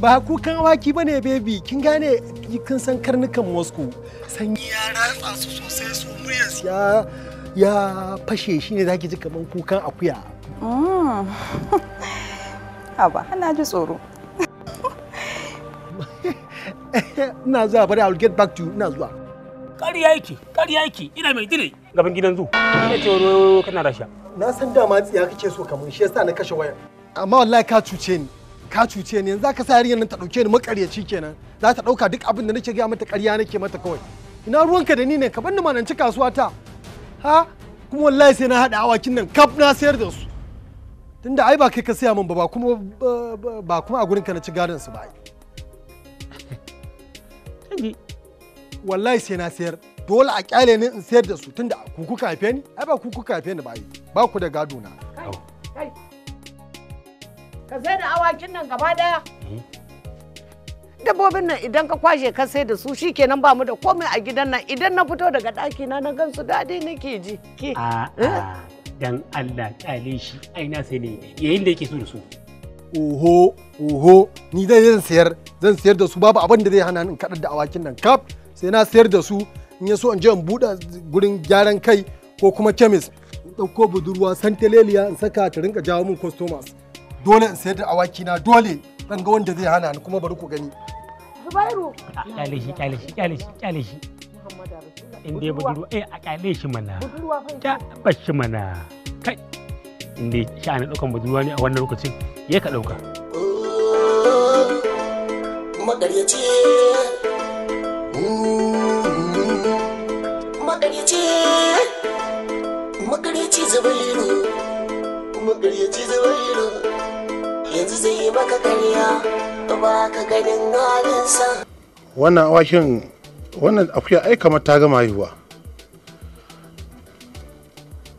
Ba kukan awaki ba ne, baby. Kin gane kin san karnukan Moscow. Sanyi ya ratsa su sosai su muryarsu ya ya fashe shi ne zaki ji kaman kukan akuya. Mm. Haba, ana ji tsoro. Ina zuwa bari I'll get back to you. Ina zuwa. kariyaki yake, ƙarya yake. Ina mai dire. gaban gidan zu ina ce kana rasha na san dama tsiya kake so kamun shi yasa na kashe waya. amma wallahi ka cuce ni ka cuce ni yanzu ka sa yarinyar nan ta dauke ni makaryaci kenan za ta dauka duk abin da nake ga mata ƙarya nake mata kawai ina ruwanka da ni ne ka bar ni kasuwa ta ha kuma wallahi sai na hada awakin nan kaf na sayar da su tunda ai ba kai ka saya min ba ba kuma ba kuma a gurin ka na ci gadon su ba wallahi sai na sayar dole a kyale ni in sayar da su tunda ku kuka haife ni ai ba ku kuka ni ba yi ba ku da gado na kai ka sai da awakin nan gaba daya dabbobin nan idan ka kwashe ka sai da su shikenan ba mu da komai a gidan nan idan na fito daga daki na na gan su daɗi nake ji ke eh? dan Allah kyale shi ai na sai ne yayin da yake so da su oho oho ni dai zan sayar zan sayar da su babu abin da zai hana ni in da awakin nan kaf sai na sayar da su in yaso so in je in buɗe gurin gyaran kai ko kuma kemis ɗauko budurwa santeleliya in saka ta rinka jawo min customers dole in sayar da awaki na dole ɗan ga wanda zai hana ni kuma bari ku gani Zubairu kyale shi kyale shi kyale shi kyale shi in dai budurwa eh a kyale shi mana budurwa fa ta shi mana kai in dai shi ana ɗaukan budurwa ne a wannan lokacin ya ka ɗauka magaryaci mm. makaryaci makaryaci zubairu makaryaci zubairu yanzu zai yi maka karya ba ka ganin halinsa wannan awakin wannan akuya ai kamar ta gama haihuwa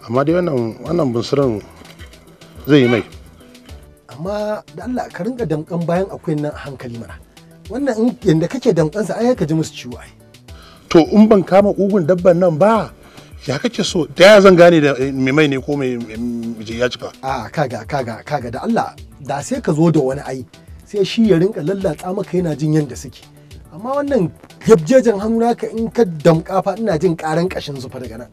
amma dai wannan wannan bunsurin zai yi mai amma da Allah ka rinka damkan bayan akwai nan hankali mana wannan in kake damkansa ai ka ji musu ciwo ai to in ban kama ugun dabban nan ba ya kake so Da ya zan gane da eh, mai ne ko mai ya cika a kaga kaga kaga da Allah da sai ka zo da wani ai sai shi ya rinka lallatsa maka yana jin yanda suke amma wannan gabjejen hannu naka in ka damka fa ina jin karan kashin zufa daga nan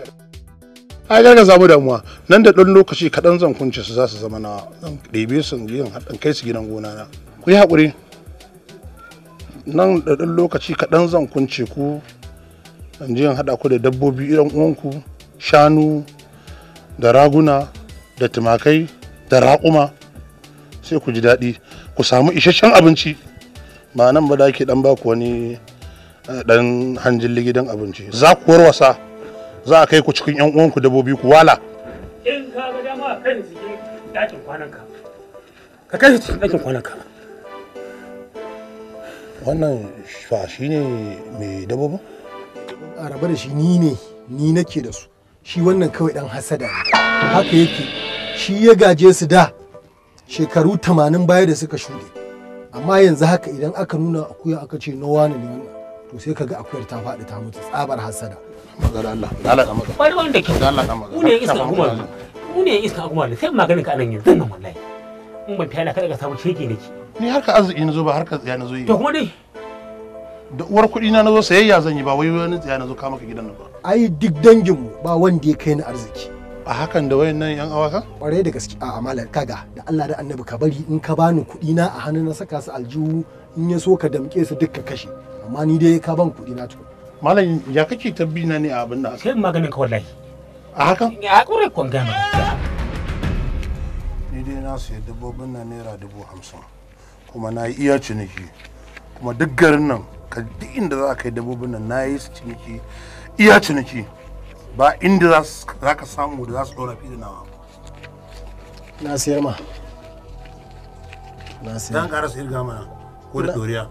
ai ga samu damuwa nan da ɗan lokaci kaɗan zan kunce su za su zama na ɗebe su yin haɗin kai su gidan gona na ku yi haƙuri nan da ɗan lokaci kaɗan zan kunce ku in je in haɗa ku da dabbobi irin uwanku shanu da raguna da tumakai da raƙuma sai ku ji daɗi ku samu isasshen abinci ba nan ba da ke ɗan baku wani eh, ɗan hanjin ligidan abinci za ku warwasa za a kai ku cikin 'yan uwanku dabbobi ku wala in ka ga dama kan cikin ɗakin kwananka ka kai cikin ɗakin kwananka wannan fa shi ne mai dabobin? a raba da shi ni ne ni nake da su shi wannan kawai dan hasada haka yake shi ya gaje su da shekaru tamanin baya da suka shuɗe amma yanzu haka idan aka nuna akuya aka ce na wani ne wannan to sai kaga akuyar ta faɗi ta mutu tsabar hasada magana Allah Allah magana bari wanda ke Allah magana ku ne iska kuma ku ne iska kuma sai maganin ka anan yanzu nan wallahi in ban fiya na kada ka samu shege nake ni harka arziki na zo ba harka tsaya na zo yi to kuma dai da uwar kuɗi na zo sayayya zan yi ba wai wani tsaya na zo kama ka gidan nan ba ai duk dangin mu ba wanda ya kai ni arziki a hakan da wayannan yan awaka ƙwarai da gaske a amalar kaga da Allah da annabi ka bari in ka bani kuɗi na a hannu na saka su aljihu in ya so ka damƙe su duk ka kashe amma ni dai ka ban kuɗi na to malam ya kake tabbina ne a abin da kai maganin ka wallahi a hakan ya ƙure kon gama ni dai na sayi dabbobin na naira dubu hamsin kuma na yi iya ciniki kuma duk garin nan ka duk inda za ka yi dabbobin nan na yi ciniki iya ciniki ba inda za ka samu da za su ɗora fi da nawa na siyar ma na siyar dan ƙara su irga mana ko da doriya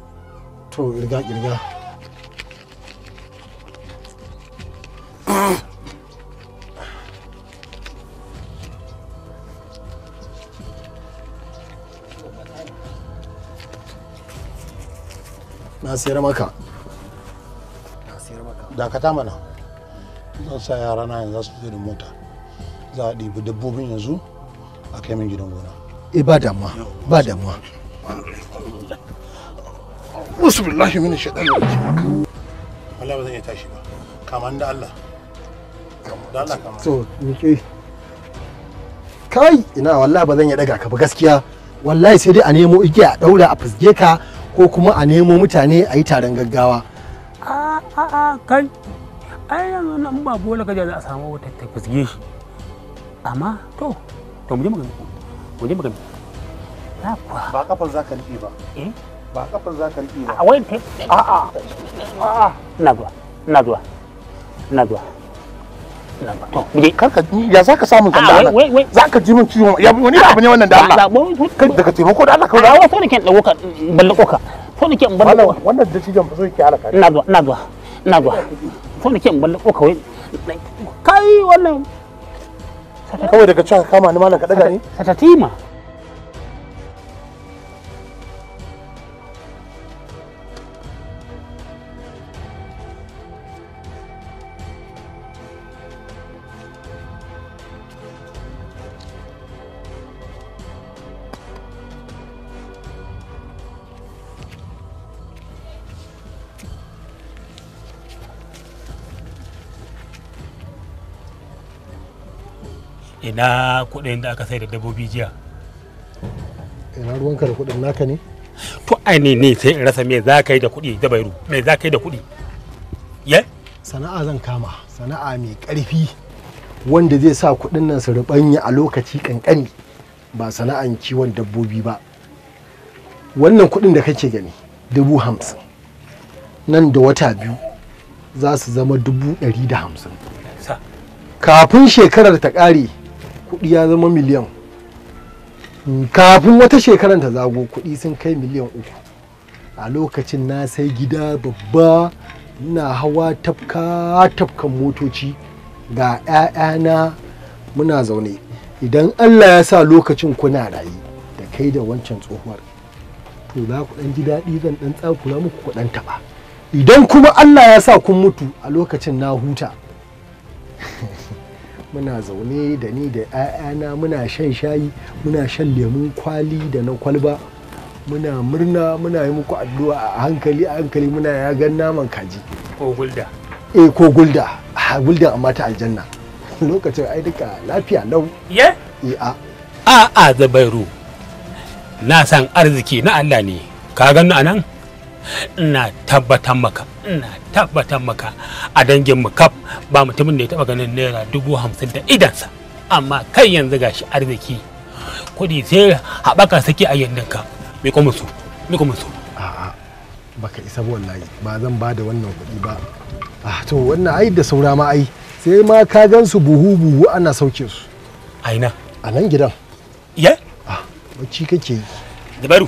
to irga irga na sayar maka dakata mana zan sa yara na yanzu su zo da mota za a ɗibi dabbobin yanzu a kai min gidan gona e ba damuwa ba damuwa wasu billahi mini shaɗan Allah ba zan iya tashi ba kama da Allah da Allah kaman to ke kai ina wallahi ba zan iya daga ka ba gaskiya wallahi sai dai a nemo igiya a daura a fusge ka ko kuma a nemo mutane a yi taron gaggawa a'a kai ai yanzu nan ba bola kaje za a samu wata ta fusge shi amma to to mu je magana mu je magana ba kafar za ka rufe ba eh ba kafar za ka rufe ba a wai a'a a'a ina zuwa ina zuwa ina zuwa to karka ya zaka samu sanda ah, zaka ji min ciwon ya wani abu ne wannan da Allah kai daga da Allah ka rawa to ne kin ballako ka to ne kin ballako wannan da cijon ba so ki alaka ina zuwa ina zuwa ina zuwa to ne kin ballako ka wai kai wannan kawai daga kama ni malam ka daga ni satatima ina kuɗin da aka sai da dabbobi jiya ina ruwanka da kuɗin naka ne to ai ne ne sai in rasa me za ka yi da kuɗi da bairu me za ka yi da kuɗi ya sana'a zan kama sana'a mai ƙarfi wanda zai sa kuɗin nan su rubanya a lokaci kankani ba sana'an kiwon dabbobi ba wannan kuɗin da kake gani dubu hamsin nan da wata biyu za su zama dubu ɗari da hamsin kafin shekarar ta ƙare kuɗi ya zama miliyan kafin wata shekarar ta zago kuɗi sun kai miliyan uku a lokacin na sai gida babba na hawa tafka tafkan motoci ga 'ya'yana muna zaune idan allah ya sa lokacin kuna rayu da kai da wancan tsohuwar to za ku ɗan ji daɗi zan ɗan tsakura muku kuɗan taɓa idan kuma allah ya sa kun mutu a lokacin na huta muna zaune da ni da 'ya'yana muna shan shayi muna shan lemun kwali da na kwalba muna murna muna yi muku addu'a a hankali a hankali muna ya gan naman kaji ko gulda eh ko gulda ha gulda amma ta aljanna lokacin ai duka lafiya lau ye eh, a a a zabairu na san arziki na Allah ne ka gano anan ina tabbatar maka ina tabbatar maka a dangin mu kaf ba mutumin da ya taba ganin naira dubu hamsin da idansa amma kai yanzu gashi arziki kuɗi sai haɓaka saki a ka mai kuma su mai kuma su a'a baka isa wallahi ba zan ba da wannan kuɗi ba a to wannan ai da saura ma ai sai ma ka gan su buhu buhu ana sauke su aina a nan gidan ya a bacci kake yi dabaru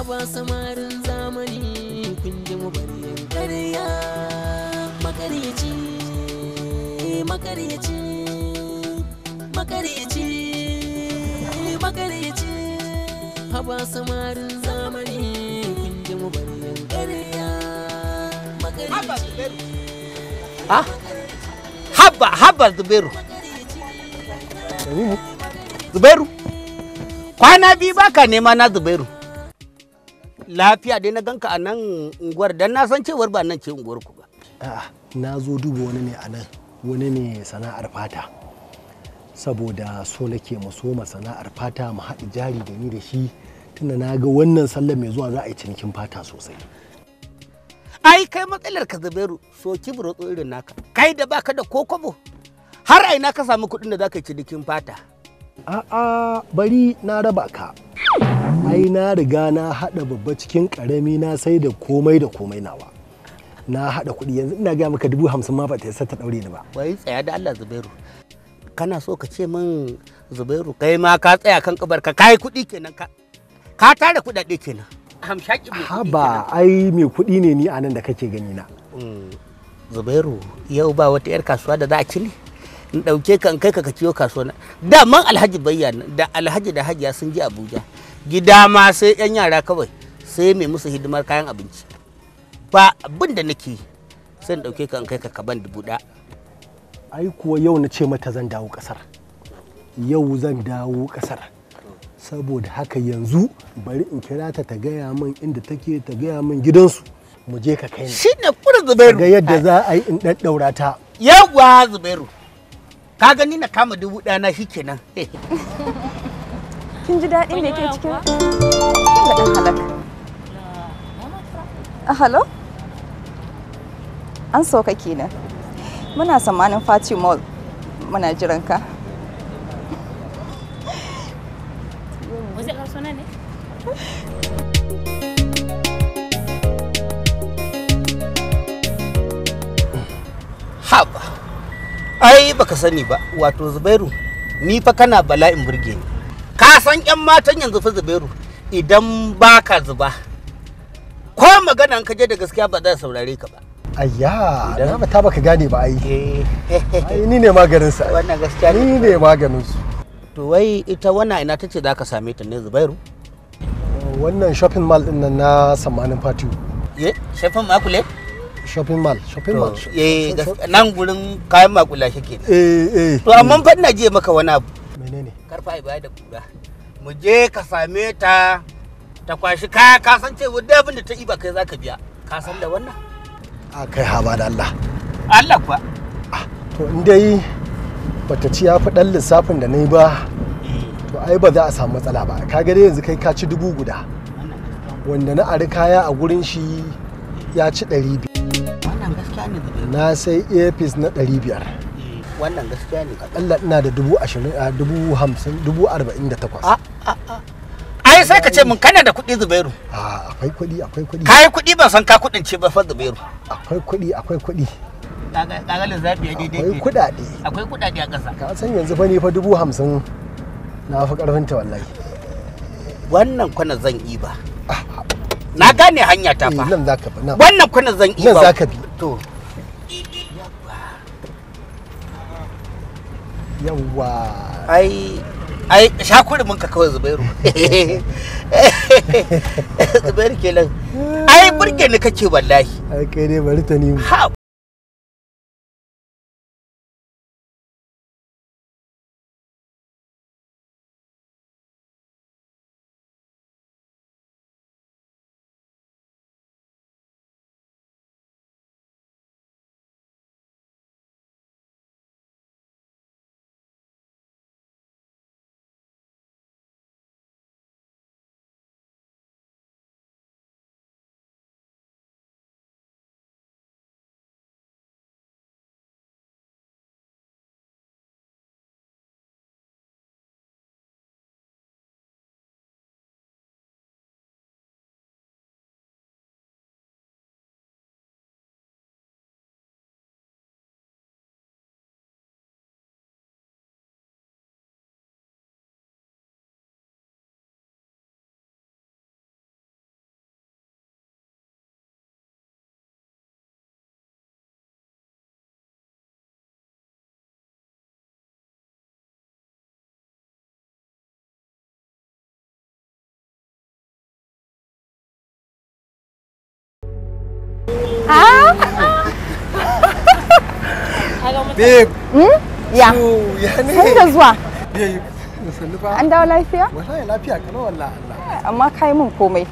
haba samarin zamani kun ji mu bari yin ƙarya makaryaci makaryaci makaryaci makaryaci haba samarin zamani kun ji mu bari yin ƙarya makaryaci ah, haba haba zubairu zubairu kwana biyu baka nema na zubairu lafiya dai na ganka a nan unguwar dan na san cewar ba nan ce unguwar ku ba a'a na zo duba wani ne a nan wani ne sana'ar fata saboda so nake mu soma sana'ar fata mu haɗu jari da ni da shi tunda na ga wannan sallar mai zuwa za a yi cinikin fata sosai ai kai matsalar ka zubairu so kibro irin naka kai da baka da kokobo har na ka samu kuɗin da zaka yi cinikin fata A'a bari na raba ka. Ai na riga na haɗa babba cikin ƙarami na sai da komai da komai nawa. Na haɗa kuɗi yanzu ina gaya maka dubu hamsin ma ba ta isa ta ɗaure ni ba. Wai tsaya da Allah Zubairu. Kana so ka ce min Zubairu kai ma ka tsaya kan kabar ka kai kuɗi kenan ka ka tara kuɗaɗe kenan. Hamshaki mai Haba ai mai kuɗi ne ni anan da kake gani na. Mm, Zubairu yau ba wata 'yar kasuwa da za a cini? in ɗauke ka kai ka kiyo kasuwa da man alhaji bayyana da alhaji da hajiya sun je abuja gida ma sai yan yara kawai sai mai musu hidimar kayan abinci ba abin da nake sai in ɗauke ka kai ka kaban dubu da. ai kuwa yau na ce mata zan dawo kasar yau zan dawo kasar saboda haka yanzu bari in kira ta ta gaya min inda take ta gaya min gidansu mu je ka kai ni shine kurin zubairu ga yadda za a yi in ɗaɗɗaura ta yawa zubairu ka gani na kama dubu ɗaya na shi kenan kin ji daɗin da yake cikin kin ga ɗan a halo ah, an sauka kenan muna samanin fati mall muna jiran ka Haba. ai baka sani ba wato zubairu ni fa kana bala'in burge ni ka san yan matan yanzu fa zubairu idan baka zuba ko magana an kaje da gaskiya ba za saurare ka ba ayya na ba ta baka gane ba ai eh. ai ni ne maganin sa wannan gaskiya ni ne maganin su to wai ita wannan ina tace zaka same ta ne zubairu wannan shopping mall din nan na samanin patio ye eh, shopping mall kulet shopping mall shopping mall eh nan gurin kayan makula shi ke eh eh to amma fa ina je maka wani abu menene karfa ibada da kura mu je ka same ta ta kwashi kaya ka san ce wanda abin da ta iba kai zaka biya ka san da wannan a kai haba da Allah Allah kuwa ah, to in dai bata ci ya fi dan lissafin da nayi ba eh. to ai ba za a samu matsala ba ka ga dai yanzu kai ka ci dubu guda wanda na ari kaya a gurin shi ya ci ɗari biyu wannan gaskiya ne na sai earpiece na 500 eh, wannan gaskiya ne akalla ina da 2048 a dubu ai sai ka ce mun kana da kuɗi zubairu a akwai kuɗi akwai kuɗi kayi kuɗi ban san ka kuɗin ce ba fa zubairu akwai kuɗi akwai kuɗi kaga lissafi ya daidai akwai kuɗaɗe akwai kuɗaɗe a ƙasa ka san yanzu fa ne fa 50 na fi ƙarfin ta wallahi wannan kwana zan yi ba ah, ah. na gane hanya ta fa eh, nan zaka bi wannan kuna zan iya nan zaka bi to yawa ai ai shakuri mun ka kawai zubairu zubairu kenan ai burge ni kake wallahi ai kai ne bari ta nemi Babe. Hmm? Ya. Sai da zuwa. An Amma min komai.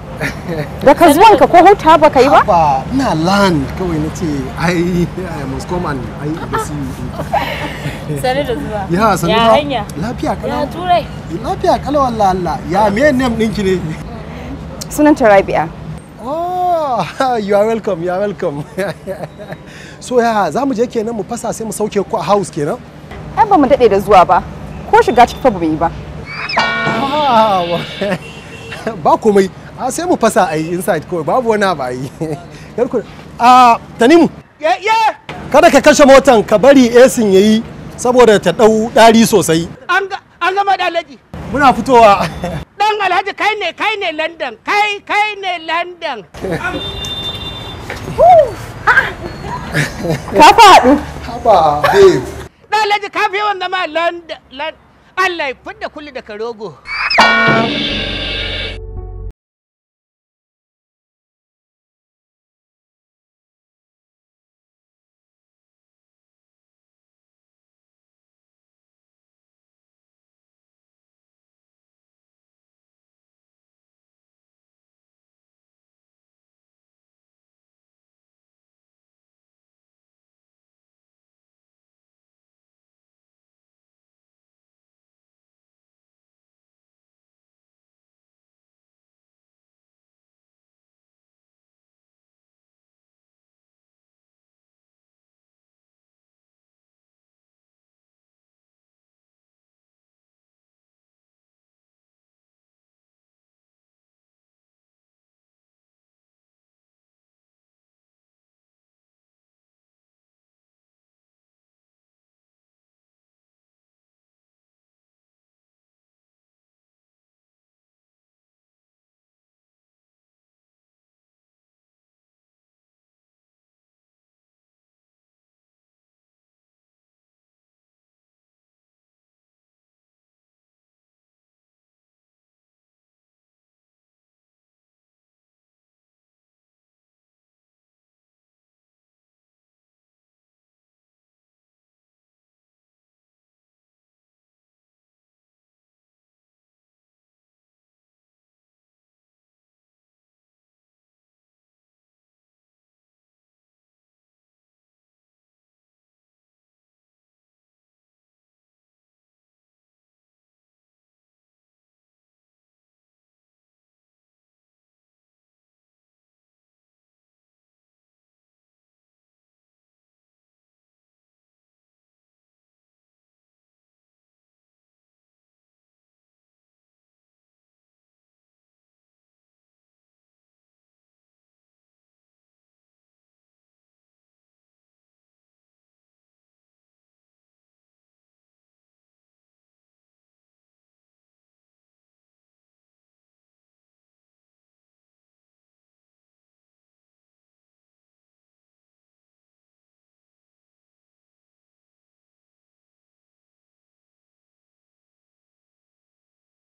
Da ka zuwan ka ko ba ka yi ba? Ba, land kawai na ce ai I must come da zuwa. Ya sanu Ya Ya turai. Lafiya Allah. Ya me name ne? Sunan Rabi'a. you are welcome you are welcome so ya za mu je kenan mu fasa sai mu sauke ku a house kenan ai ba mu dade da zuwa ba ko shiga ciki fa ba mu yi ba ba komai a sai mu fasa ai inside ko babu wani ba yi yarku a tanimu kada ka kashe motan ka bari esin yayi saboda ta dau dari sosai an ga, an ga madalaji muna fitowa don alhaji kai ne kai ne london kai kai ne london ka faɗu haba babe don alhaji ka fi yawan zama london allah ya fidda kulli da karogo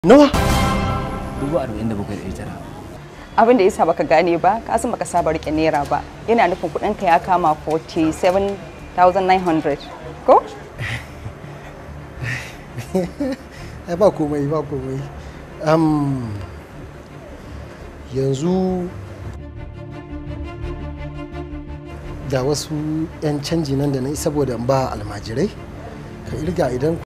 Nawa? Dubu arba'in da bakwai da tara. Abin da saba baka gane ba, ka san baka saba rike naira ba. Yana nufin kuɗin ka ya kama 47,900. Ko? Ba komai, ba komai. Um, yanzu da wasu 'yan canji nan da na yi saboda ba almajirai ka irga idan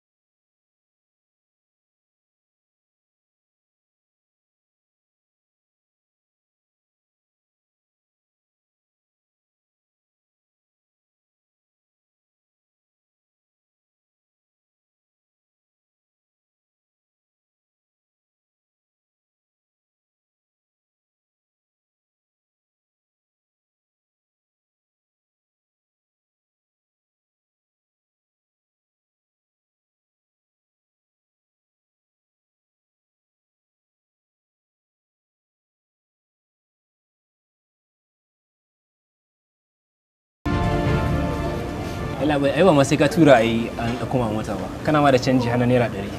Allah ai ba ma sai ka tura ai an da kuma mota ba kana ma da canji hana naira ɗari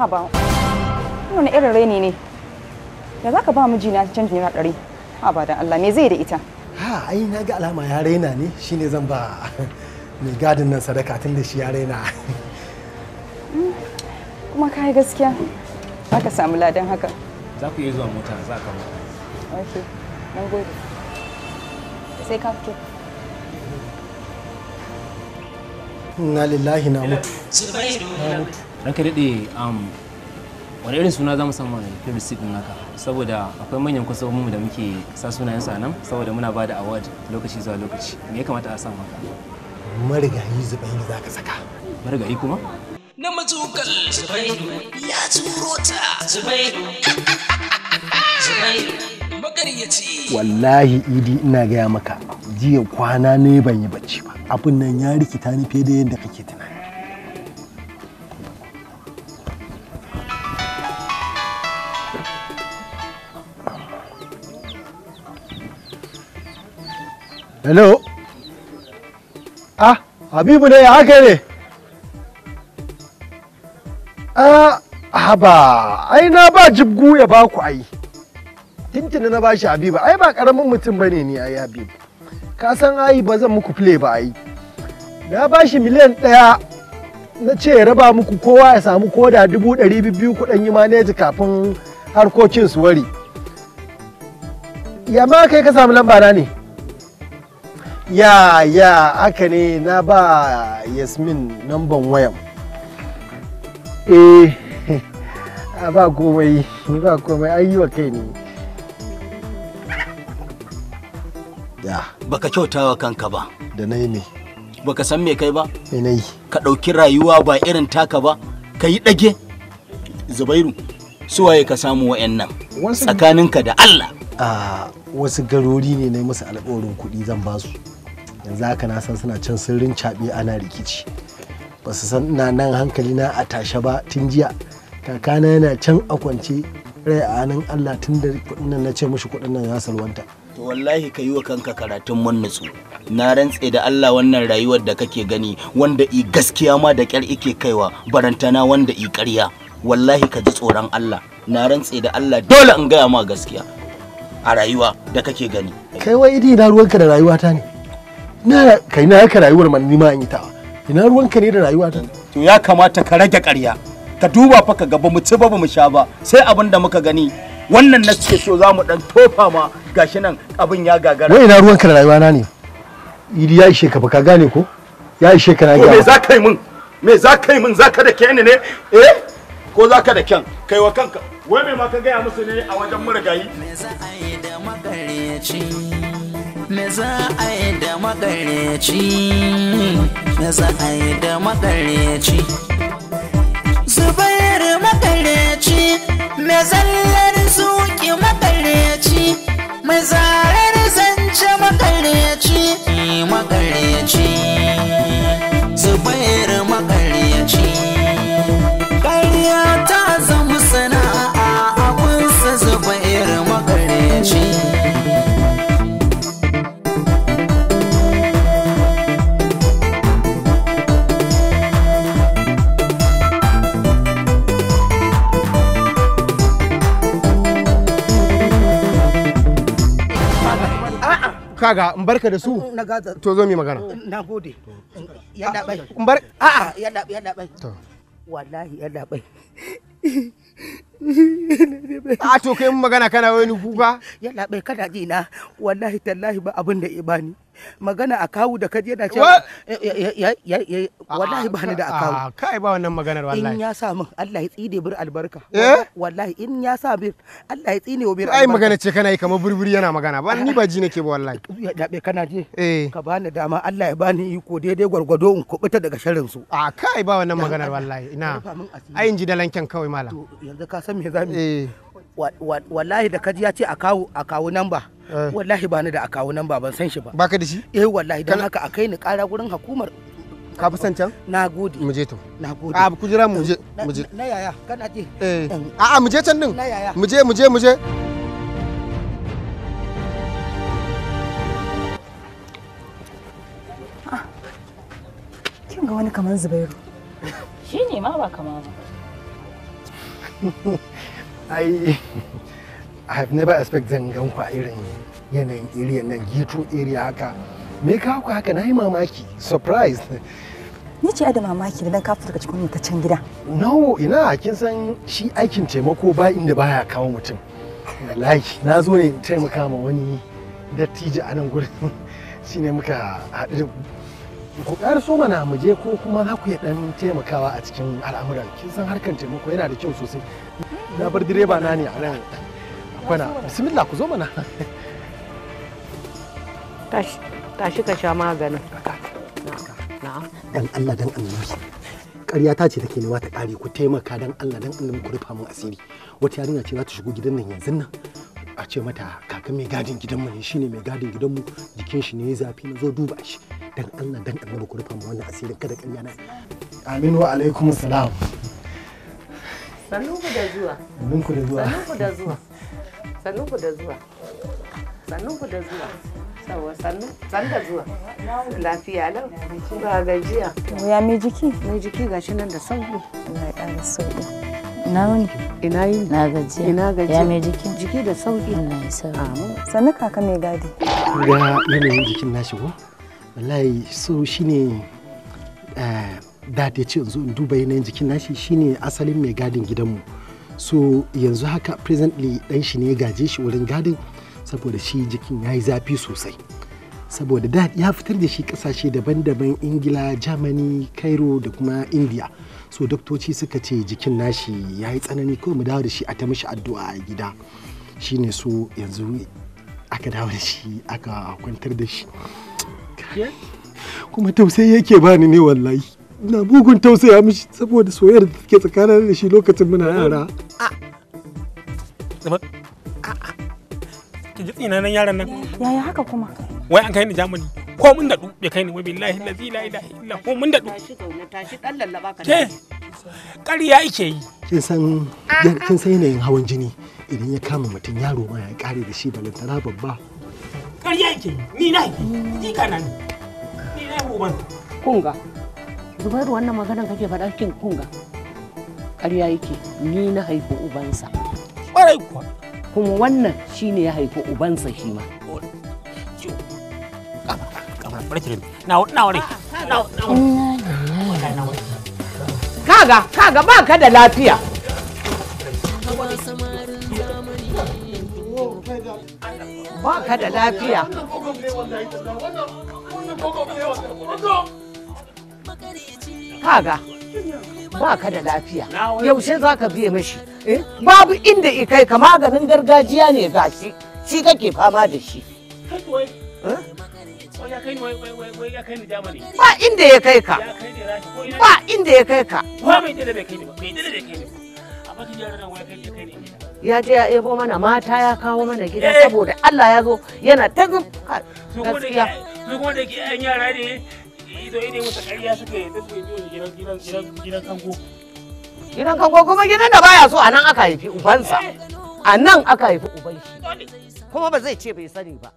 ha ba wani irin raini ne ya zaka ba mijina canji naira ɗari ha ba dan Allah me zai da ita ha ai na ga alama ya raina ne shine zan ba mai gadin nan sadaka tun da shi ya raina hmm. kuma kai gaskiya za ka samu ladan haka za ku iya zuwa mota za ka ba ok nan gode sai ka fito na lillahi na mutu ranka daɗe wani irin suna za mu samu wani fi receipt din naka saboda akwai manyan mu da muke sa sunayen sa nan saboda muna ba da award lokaci zuwa lokaci me ya kamata a samu haka marigayi zubairi za ka saka marigayi kuma na matukal zubairu ya turo ta zubairu zubairu ce wallahi idi ina gaya maka jiya kwana ne ban yi bacci ba abin nan ya rikita ni fiye da yadda kake tunani Hello? Ah, Habibu ne ya haka ne? Ah, haba, ai na ba jibgu ya ba ku ai. tintini na bashi habiba ai ba karamin mutum bane ni ai habibu ka san ai ba zan muku play ba ai na bashi miliyan ɗaya na ce ya raba muku kowa ya samu koda dubu ɗari biyu kuɗin yi maneji kafin harkokin su wari ya ma kai ka samu lamba na ne ya ya aka ne na ba yasmin namban wayan eh ba komai ba komai ayyuka kai ne Ya. Baka kyautawa kanka ba. Da na ne. Baka san me kai ba? Ka ɗauki rayuwa ba irin taka ba, ka yi ɗage. Zubairu, suwaye ka samu wa'annan tsakaninka da Allah. A wasu garori ne na yi musu alƙawarin kuɗi zan ba su. Yanzu haka na san suna can sirrin caɓe ana rikici. Ba su san ina nan hankali na a tashe ba tun jiya. Kakana yana can a kwance rai a hannun Allah tun da kuɗin nan na ce mushi kuɗin nan ya salwanta. to wallahi ka yi wa kanka karatun mun nutsu na rantse da Allah wannan rayuwar da kake gani wanda i gaskiya ma da kyar ike kaiwa barantana wanda i ƙarya wallahi ka ji tsoron Allah na rantse da Allah dole in gaya ma gaskiya a rayuwa da kake gani kai wai idi na ruwanka da ta ne na kai na ka rayuwar man ma an yi ta ina ruwanka ne da rayuwa ta. to ya kamata ka rage ƙarya ka duba fa ka ba mu ci ba mu sha ba sai abin da muka gani wannan na suke so za mu dan tofa ma gashi nan abin ya gagara wai ina ruwanka da rayuwa na ne idi ya ishe ka baka ka gane ko ya ishe ka na ga me za ka yi mun me za ka yi min za ka da ke ne eh ko za ka da kyan kai wa kanka wai me ma ka gaya musu ne a wajen marigayi me za a yi da magareci me za a yi da magareci me za a yi da magareci zubair makareci mai zallar zuki makareci mai zarar zance makareci makareci kaga in barka da su to zo mi magana na gode ya dabai in bar a a ya da ya da bai to wallahi ya da bai a to kai mun magana kana wani kuka ya da bai kada ji na wallahi tallahi ba abin da ibani magana a kawu da kaje na cewa wallahi ba ni da a akawu kai ba wannan maganar wallahi in ya sa min Allah ya tsine bir albarka eh? wallahi in ya sa bir Allah ya tsine bir ai magana ce kana yi kamar burburi yana magana ba ni ba ji nake ba wallahi dabe kana je eh. ka bani dama Allah ya bani iko daidai gwargwado in kubuta daga sharrin su a kai ba wannan maganar wallahi ina ai in ji dalanken kawai malam yanzu ka san me zamu wallahi da kaji ya ce a kawo a kawo namba eh. wallahi ba ni da a kawo namba ban san shi ba baka da shi eh wallahi don haka a kai ni kara gurin hukumar ka fi san can na gode mu je to na gode a ah, ku jira mu je mu je na yaya kana je eh a a mu je can din muje-muje. mu je mu je mu je ah. kin ga wani kaman zubairu shine ma ba kamar ba ai i have never expect zan gan ku a irin yanayin area nan gito area haka me ka ku haka yi mamaki surprise ni ce da mamaki dan ka fita cikin ta can gida no ina kin san shi aikin taimako ba inda baya kawo mutum wallahi na zo ne taimaka ma wani dattijo a nan gurin shine muka haɗu ku so mana mu je ko kuma za ku ɗan taimakawa a cikin al'amuran kin san harkar taimako yana da kyau sosai na bar direba na ne a nan kwana bismillah ku zo mana tashi ka sha maganin dan Allah dan shi ƙarya ta ce take nema ta ƙare ku taimaka dan Allah dan Allah ku rufa mun asiri wata yarinya ce za ta shigo gidan nan yanzu nan a ce mata kakan mai gadin gidanmu ne shine mai gadin gidanmu jikin shi ne zafi na zo duba shi dan Allah dan Allah ku rufa mun wannan asirin kada ƙarya na aminu alaikum salam Sannunku da zuwa. Sannunku da zuwa. Sannunku da zuwa. Sannunku da zuwa. Sannunku da zuwa. Sawa da zuwa. Lafiya lau. Ba gajiya. Ya mai jiki? Mai jiki gashi nan da sauki. Allah ya ƙara Na Ina wani? Ina yi. Na gajiya. Ina gajiya. Ya mai jiki? Jiki da sauki. Na yi sauri. Amin. kaka mai gadi. Ga yanayin jikin na shigo. Wallahi so shine eh, da ya ce yanzu in duba yanayin jikin nashi shine asalin mai gadin gidanmu so yanzu haka presently dan shi ne ya gaje shi wurin gadin saboda shi jikin ya yi zafi sosai saboda da ya fitar da shi kasashe daban-daban ingila germany cairo da kuma india so doktoci suka ce jikin nashi ya yi tsanani ko mu dawo da shi a ta mishi addu'a a gida shine so yanzu aka dawo da shi aka kwantar da shi kuma tausayi yake bani ne wallahi na mugun tausaya mishi saboda soyayyar da take tsakanin da shi lokacin muna yara. Ki ji tsina nan yaran nan. Yaya haka kuma? Wai an kai ni Germany. Ko mun daɗu bai kai ni ba billahi lazi la ilaha illa ko mun daɗu. Tashi zaune tashi ɗan lallaba ka. Ke ƙarya ike yi. Kin san kin san yanayin hawan jini idan ya kama mutum yaro ma ya kare da shi balantana babba. Ƙarya ike yi ni na yi. Ni ka ni. Ni na yi Kun ga. zubairu wannan maganan kake faɗa kin kunga ƙarya yake ni na haifi ubansa ƙwarai kuwa kuma wannan shine ya haifi ubansa shi ma kaga kaga ba ka da lafiya ba ka da lafiya kaga ba ka da lafiya yaushe za ka biye mashi eh, babu inda kai ka maganin gargajiya ne ga shi shi kake fama da shi ba inda ya kai ka ba inda ya kai ka ya je ya ebo mana mata ya kawo mana gida eh. saboda Allah ya zo yana ta gaskiya. Su da ke yara ne ido ido gidan kuma gidan da baya so a nan aka haifi ubansa a nan aka haifi uban shi kuma ba zai ce bai sani ba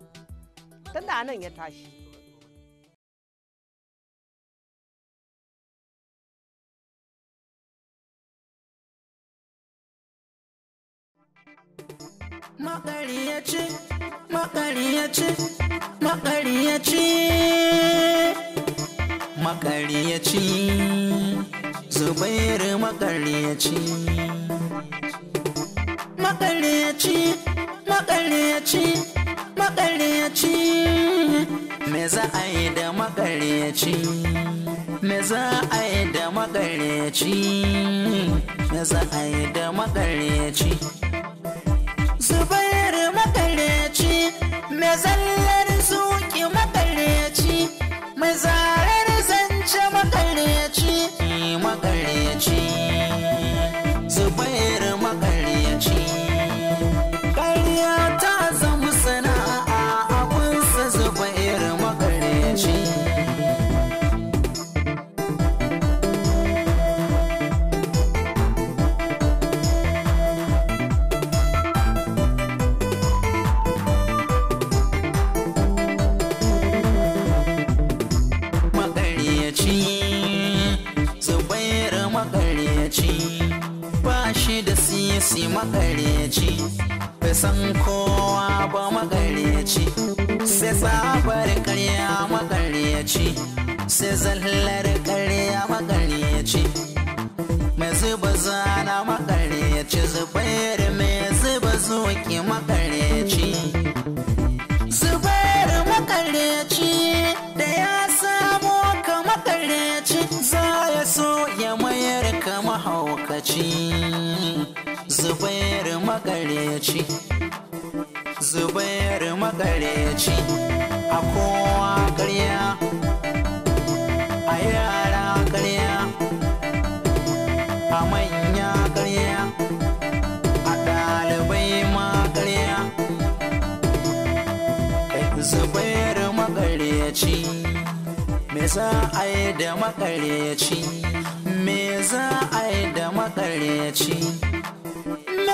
tunda a nan ya tashi Makaryaci, makaryaci zubairu makaryaci makaryaci makaryaci makaryaci me za a yi da makaryaci me za a yi da makaryaci me za a yi da makaryaci zubairu makaryaci me zallar zuki makaryaci mai zarar makaryaci makaryaci shi magareci bai san kowa ba magareci sai sabar karya magareci sai zallar karya magareci mai zuba zana magareci zubair mai zuba zuki magareci zubair magareci da ya samu ka magareci za ya so ya mayar ka mahaukaci zubair magareci zubair magareci a kowa karya a yara karya a manya karya a ɗalibai ma karya zubair magareci me za a yi da magareci me za a yi da makaryaci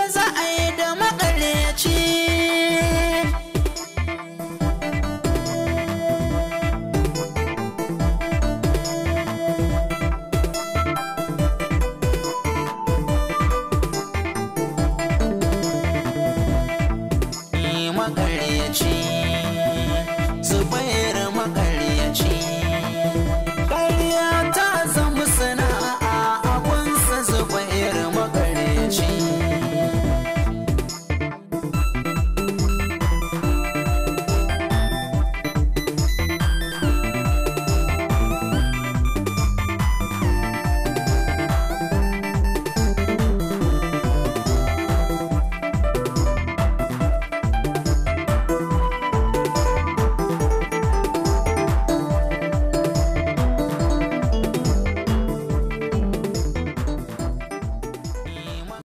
za a yi da maka